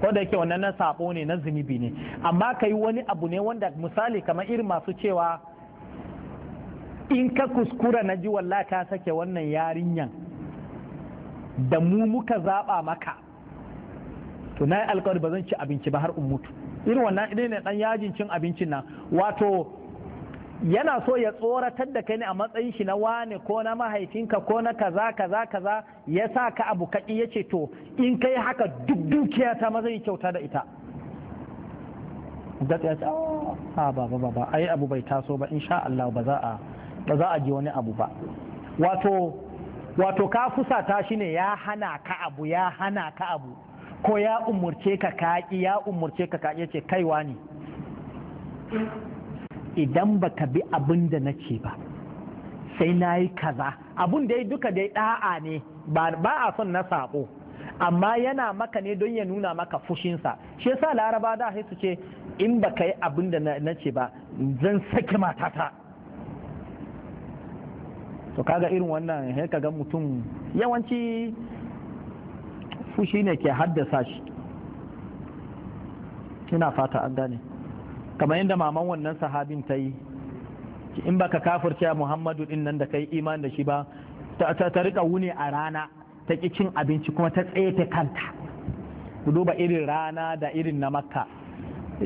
ko da yake wannan na sabo ne na zunubi ne amma ka yi wani abu ne wanda misali kamar irin masu cewa in ka kuskura na ji walla ka sake wannan yarinyan da mu muka zaba maka to na yi alkawari ba zan ci abinci ba har in mutu irin wannan idan ne dan yajin cin abincin nan wato yana so ya tsoratar da kai ne a matsayin shi na wane ko na mahaifinka ko na kaza kaza kaza ya sa ka abu kaɗi ya ce to in kai haka duk dukiya ta maza yi kyauta da ita ya ce ah, ha ba ba ba ai abu bai taso ba insha Allah ba za a ba za a ji wani abu ba wato wato ka fusata shi ne ya hana ka abu ya hana ka abu ko ya umurce ka kaƙi ya umurce ka kaƙi ce kaiwa ne idan baka bi abin da na ce ba sai na yi kaza abun da ya duka dai ɗa'a ne ba a son na saƙo amma yana maka ne don ya nuna maka fushinsa shi yasa laraba da su ce in baka yi abin da na ce ba zan saki matata to kaga irin wannan ka ga mutum yawanci fushi ne ke haddasa shi ina fata an gane kamar yadda maman wannan sahabin ta yi in baka kafirce Muhammadu din nan da kai iman da shi ba ta rika wuni a rana ta ki cin abinci kuma ta tsaye ta kanta ku duba irin rana da irin na makka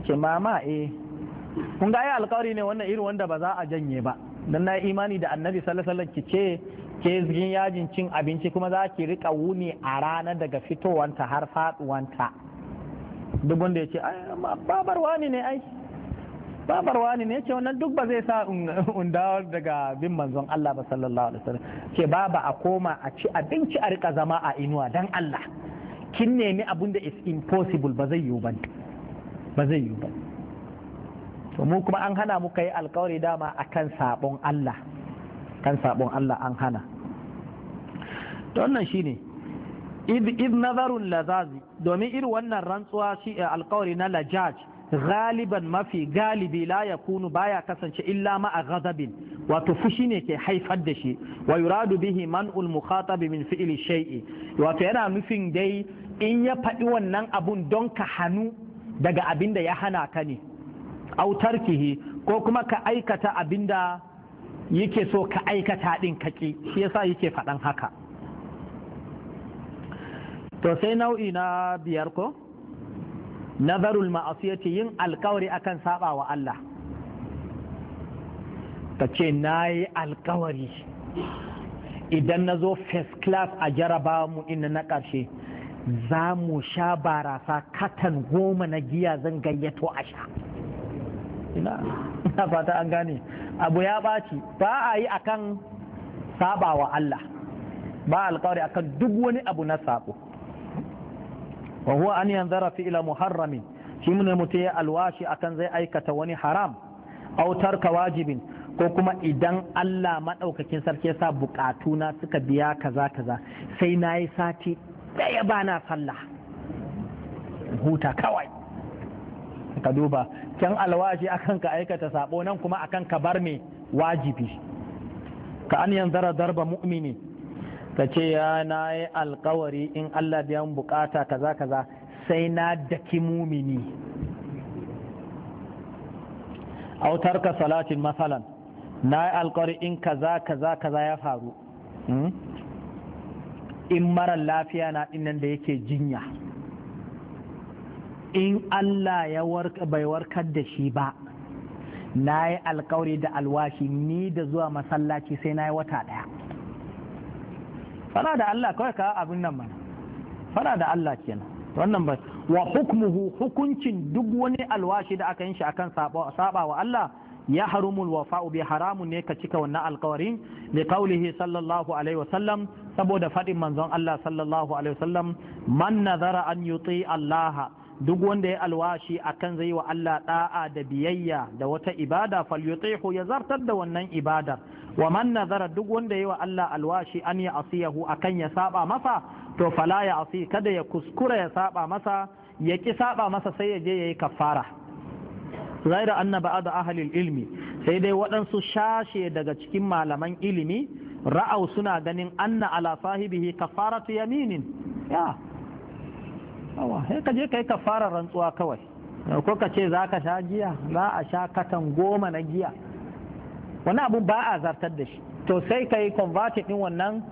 ce mama eh kun ga alkawari alƙawari ne wannan irin wanda ba za a janye ba dan na imani da annabi sallallahu alaihi ce ke zgin yajin cin abinci kuma za ki rika wuni a rana daga fitowanta har faduwanta duk wanda ya ce babar wani ne ai babar wani ne ce wannan duk ba zai sa undawar daga bin manzon Allah ba sallallahu alaihi wasallam ce baba a koma a ci abinci a rika zama a inuwa dan Allah kin nemi abin da is impossible ba zai yiwu ba ba zai yiwu ba to mu kuma an hana muka yi alkawari dama a kan sabon Allah kan sabon Allah an hana to wannan shine id nazarun lazazi domin iri wannan rantsuwa shi eh, alkawari na lajaj galiban mafi galibi la ya kunu baya kasance illa ma a gazabin. wato fushi ne ke haifar da shi wa yuradu bihi man'ul mukhatabi min fi'li shai'i. wato yana nufin dai in ya faɗi wannan abun don ka hannu daga abin da ya hana ka ne autarkihi ko kuma ka aikata abinda yake so ka aikata din kaki shi yasa yake faɗan haka to sai nau'i na biyar ko nazarul ma'asiyati yin alkawari akan saba wa Allah ka ce na yi alkawari idan na zo first class a jaraba mu inna na ƙarshe za mu sha barasa katan goma na giya zan gayyato a sha ina ina fata an gane abu ya baci ba a yi akan sabawa Allah ba alƙawari akan duk wani abu na sabo wa huwa an yanzara fi ila muharramin shi ne mutu ya alwashi akan zai aikata wani haram autar ka wajibin ko kuma idan Allah maɗaukakin sarki ya sa na suka biya kaza kaza sai nayi sati ɗaya bana sallah huta kawai ka duba can alwashi akan ka aikata sabo nan kuma akan ka bar me wajibi ka an yanzara darba mu'mini ka ce ya na yi in Allah biyan bukata kaza kaza sai na daki mumini autar ka salatin masalan na yi in kaza kaza kaza ya faru hmm? in mara lafiya na dinnan da yake jinya in Allah ya bai warkar da shi ba na yi alkawari da alwashi ni da zuwa masallaci sai na yi wata ɗaya fara da Allah kawai ka abin nan mana fara da Allah kenan wannan ba wa hukmuhu hukuncin duk wani alwashi da aka yin shi akan saba wa Allah ya harumul wafa'u bi haramun ne ka cika wannan alkawarin li qaulihi sallallahu alaihi wasallam saboda fadin manzon Allah sallallahu alaihi wasallam man nazara an yuti Allah duk wanda ya alwashi akan zai wa Allah da'a da biyayya da wata ibada falyutihu ya zartar da wannan ibadar wa man nazara duk wanda ya wa Allah alwashi an ya asiyahu akan ya saba masa to fala ya asi kada ya kuskura ya saba masa ya ki saba masa sai ya je yayi kafara zaira anna ba'd ahli ilmi sai dai waɗansu shashe daga cikin malaman ilimi ra'au suna ganin anna ala sahibihi kafaratu yaminin ya awa sai ka je kai ka fara rantsuwa kawai ko ka ce za ka sha giya za a sha katan goma na giya wani abu ba a zartar da shi to sai ka yi converted din wannan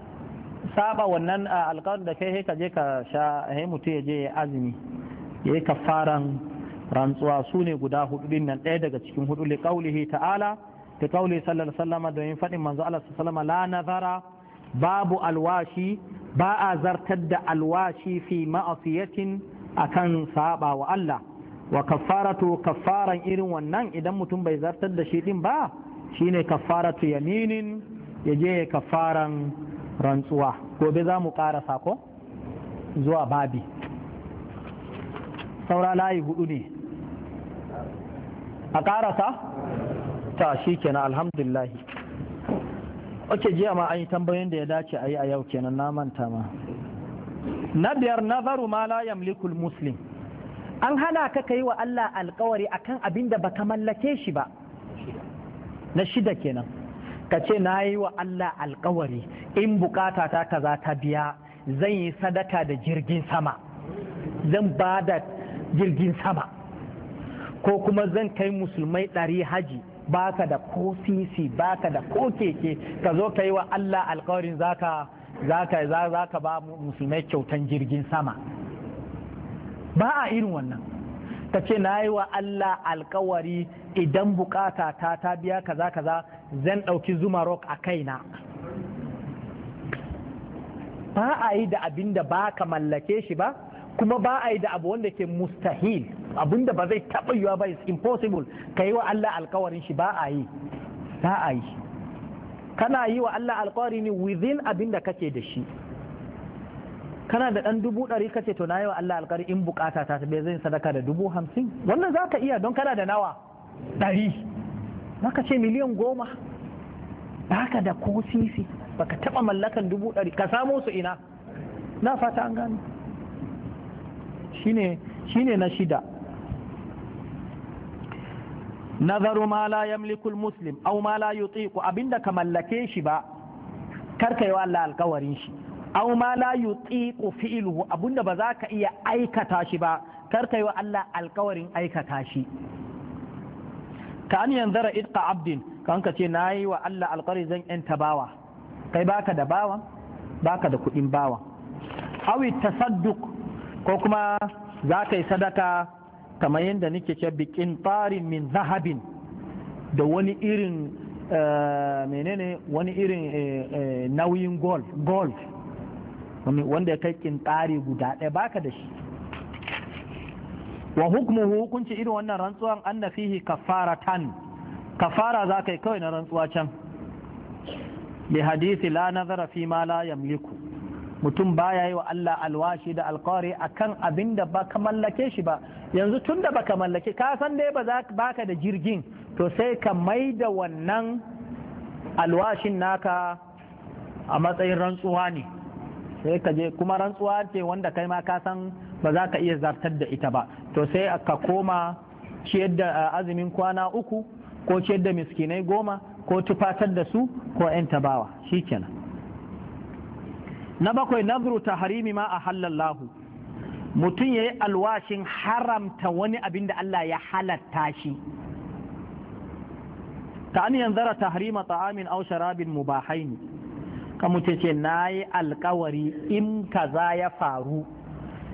saba wannan alƙawarin da kai ka je ka sha sai mutu ya je ya azumi ya yi kafaran rantsuwa su ne guda hudu din nan ɗaya daga cikin hudu liƙaulihi ta'ala da ƙauli sallallahu alaihi wasallam yin faɗin manzo Allah sallallahu alaihi wasallam la nazara babu alwashi ba a zartar da alwashi fi ma'asiyatin akan saba wa Allah wa kafaratu kafaran irin wannan idan mutum bai zartar da shi din ba shine kafaratu yaminin ya je kafaran rantsuwa gobe za mu ƙara sako zuwa babi saura layi hudu ne a ƙarasa ta shi kenan alhamdulillahi ok jiya ma an yi tambayoyin da ya dace a yi a yau kenan na manta ma na biyar nazaru ma la yamlikul muslim an hana ka kai wa Allah alkawari akan abin da baka mallake shi ba na shida kenan ka ce na yi wa Allah alkawari in bukata ta kaza ta biya zan yi sadaka da jirgin sama zan ba da jirgin sama ko kuma zan kai musulmai ɗari haji baka da ko sisi baka da ko keke ka zo ka yi wa Allah alkawarin zaka zaka zaka ba musulmai kyautan jirgin sama ba a irin wannan ka ce na yi wa Allah alkawari idan bukata ta ta biya kaza kaza zan ɗauki zuma rock a kaina ba a yi da abin da ba ka mallake shi ba kuma ba a yi da abu wanda ke mustahil abinda ba zai taɓa yiwa ba is impossible ka yi wa Allah alkawarin shi ba a yi ba a yi kana yi wa Allah alkawari ne within abinda kake da shi kana da ɗan dubu ɗari kace to na yi wa Allah alkawari in bukata ta bai zai sadaka da dubu hamsin wannan za ka iya don kana da nawa ɗari ka ce miliyan goma baka da ko sisi baka taɓa mallakan dubu ɗari ka samo su ina na fata an gano shine na shida nazaru ma la yamliku muslim aw ma la yutiqu abinda ka mallake shi ba karka yi wa Allah alkawarin shi aw ma la yutiqu fi'luhu abinda ba za ka iya aikata shi ba karka yi wa Allah alkawarin aikata shi ka an yanzara idqa abdin kan ka ce nayi wa Allah alkawari zan yanta bawa kai baka da bawa baka da kuɗin bawa awi tasadduq ko kuma za ka yi sadaka kamar yadda nake ce bikin farin min zahabin da wani irin eh, menene wani irin eh, eh, nauyin gold wanda ya kai tsari guda ɗaya baka da shi wa hukumu hukunci irin wannan rantsuwan an na fihi tan kafara za ka yi kawai na rantsuwa can bi hadisi la nazara fi ma la yamliku mutum baya yi wa Allah alwashi da alkawari akan abin da ba ka mallake shi ba yanzu tun da baka mallake ka san dai ba baka da jirgin to sai ka mai da wannan alwashin naka a matsayin rantsuwa ne sai ka je kuma rantsuwa ce wanda kai ma ka san ba za ka iya zartar da ita ba to sai ka koma ciyar da azumin kwana uku ko ciyar da miskinai goma ko tufatar da su ko 'yan tabawa shikenan na bakwai nazru tahrimi ma a halallahu mutum ya yi alwashin haramta wani abin da Allah ya halatta shi ta an yanzara tahrima ta'amin aw sharabin mu ka mutum ce na yi alkawari in kaza ya faru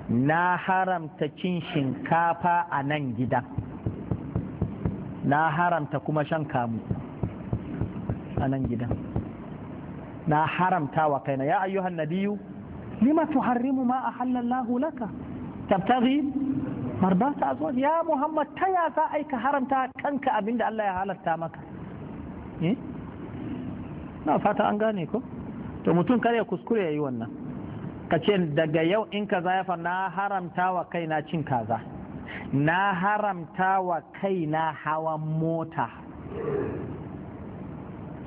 na haramta cin shinkafa a nan gida na haramta kuma shan kamu a nan gidan na haramta wa kaina ya ayyuhan nabiyu lima tuharrimu ma ahallallahu laka tabtaghi mardata azwaj ya muhammad ta ya za ai haramta kanka abinda Allah ya halatta maka eh? na fata an gane ko to mutum kare kuskure yayi wannan kace daga yau in za ya fa na haramta wa kaina cin kaza na haramta wa kaina hawan mota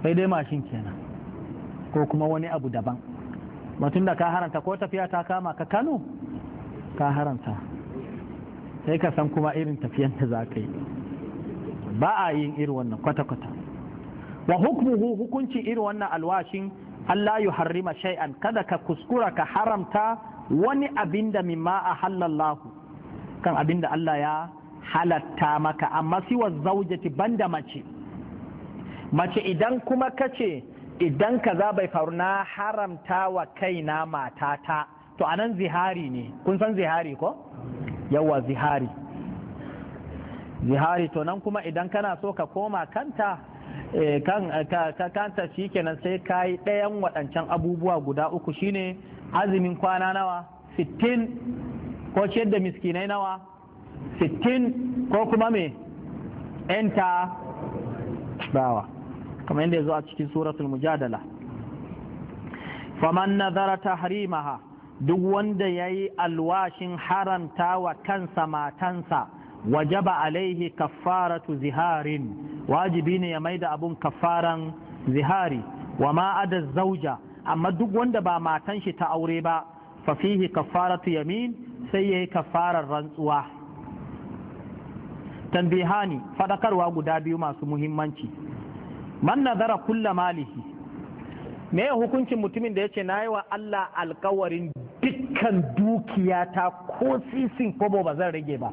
sai dai mashin kenan ko kuma wani abu daban mutum da ka haranta ko tafiya ta kama ka kano ka haranta sai ka san kuma irin tafiyan da za ka yi ba a yin irin wannan kwata-kwata wa hukmuhu hukunci irin wannan alwashin Allah ya harrima shay'an kada ka kuskura ka haramta wani abin da mimma a halallahu kan abin da Allah ya halatta maka amma siwa zaujati banda mace mace idan kuma kace idan kaza bai faru na haramta wa kai na matata to anan zihari ne kun san zihari ko yawa zihari zihari to nan kuma idan kana so ka koma kanta eh, kan kanta shikenan sai ka yi ɗayan waɗancan abubuwa guda uku shine azumin kwana nawa sittin ko ciyar da miskinai nawa sittin ko kuma me 'yanta bawa kamar yadda zo a cikin suratul mujadala faman nazara tahrimaha duk wanda yayi alwashin haramta wa kansa matansa wajaba alaihi kaffaratu ziharin wajibi ne ya maida abun kafaran zihari wa ma'ada zauja amma duk wanda ba matan shi ta aure ba fa fihi kaffaratu yamin sai yayi kaffarar rantsuwa Tambihani fadakarwa guda biyu masu muhimmanci man nazara kulla malihi me ya hukuncin mutumin da ya ce na yi wa Allah alkawarin dukkan dukiyata ko sisin kobo ba zan rage ba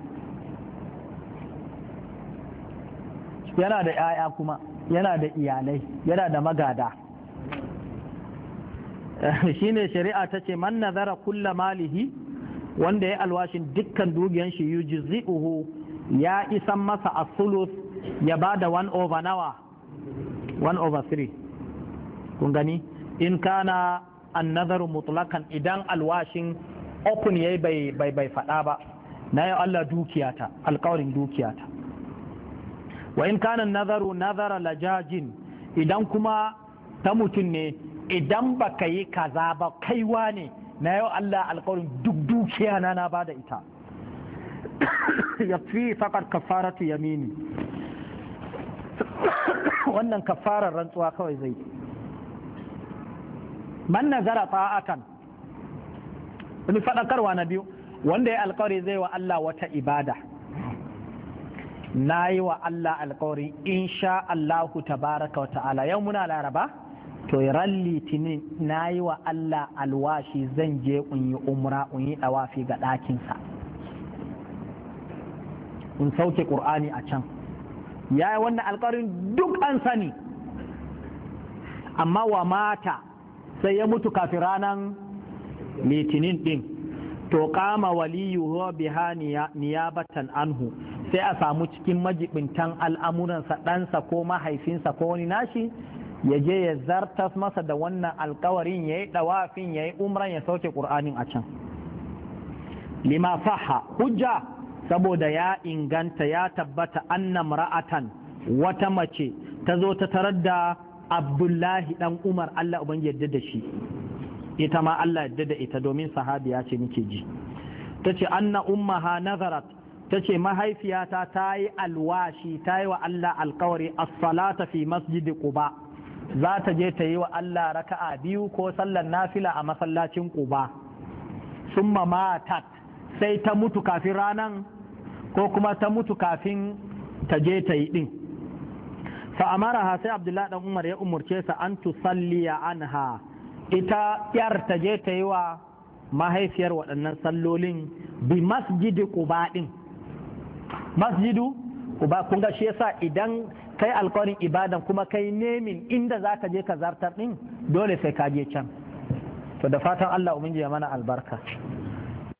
yana da 'ya'ya kuma yana da iyalai yana da magada shine shari'a ta ce man nazara kulla malihi wanda ya alwashin dukkan dukiyan shi yujzi'uhu ya isan masa asulus ya bada one over nawa 1 over 3 kun gani in kana nazaru mutlakan idan alwashin open yayi bai bai bai fada ba na yi Allah dukiyata alkawarin dukiyata wa in kana nazaru nazara lajajin idan kuma ta mutum ne idan baka yi kaza ba kaiwa ne na yau Allah alkawarin duk dukiya na na bada ita ya fi faƙar kafaratu yamini wannan kafarar rantsuwa kawai zai man nazara ta'atan ni fadakarwa na biyu wanda ya alkawari zai wa Allah wata ibada na yi wa Allah alkawari insha Allahu tabaraka wa ta'ala yau muna laraba to ran litinin na yi wa Allah alwashi zan je in yi umra in yi dawafi ga ɗakinsa in sauke ƙur'ani a can ya yi wannan alkawarin duk an sani amma wa mata sai ya mutu kafin ranar litinin ɗin to kama waliyuhu biha niyabatan anhu sai a samu cikin majibintan al'amuransa ɗansa ko mahaifinsa ko wani nashi ya je ya zartas masa da wannan alkawarin ya yi ɗawafin ya yi umran ya sauke ƙur'anin a can lima faha hujja saboda ya inganta ya tabbata annam ra'atan wata mace ta zo ta tarar da abdullahi dan umar allah uban yadda da shi ita ma allah yadda da ita domin sahabiya ce muke ji ta ce anna ha nazarat ta ce mahaifiyata ta yi alwashi ta yi wa allah alkawari as-salata fi masjidi quba za ta je ta yi wa allah raka'a biyu ko sallar nafila a masallacin quba summa matat sai ta mutu kafin ranan ko kuma ta mutu kafin ta je ta yi din ha sai abdullahi dan umar ya umarce sa an tusalliya anha ita yar ta je ta yi wa mahaifiyar waɗannan sallolin bi masjidi quba din masjidu quba kun ga shi yasa idan kai alƙawarin ibadan kuma kai nemin inda za ka je ka zartar din dole sai ka je can to da fatan Allah ubangiji ya mana albarka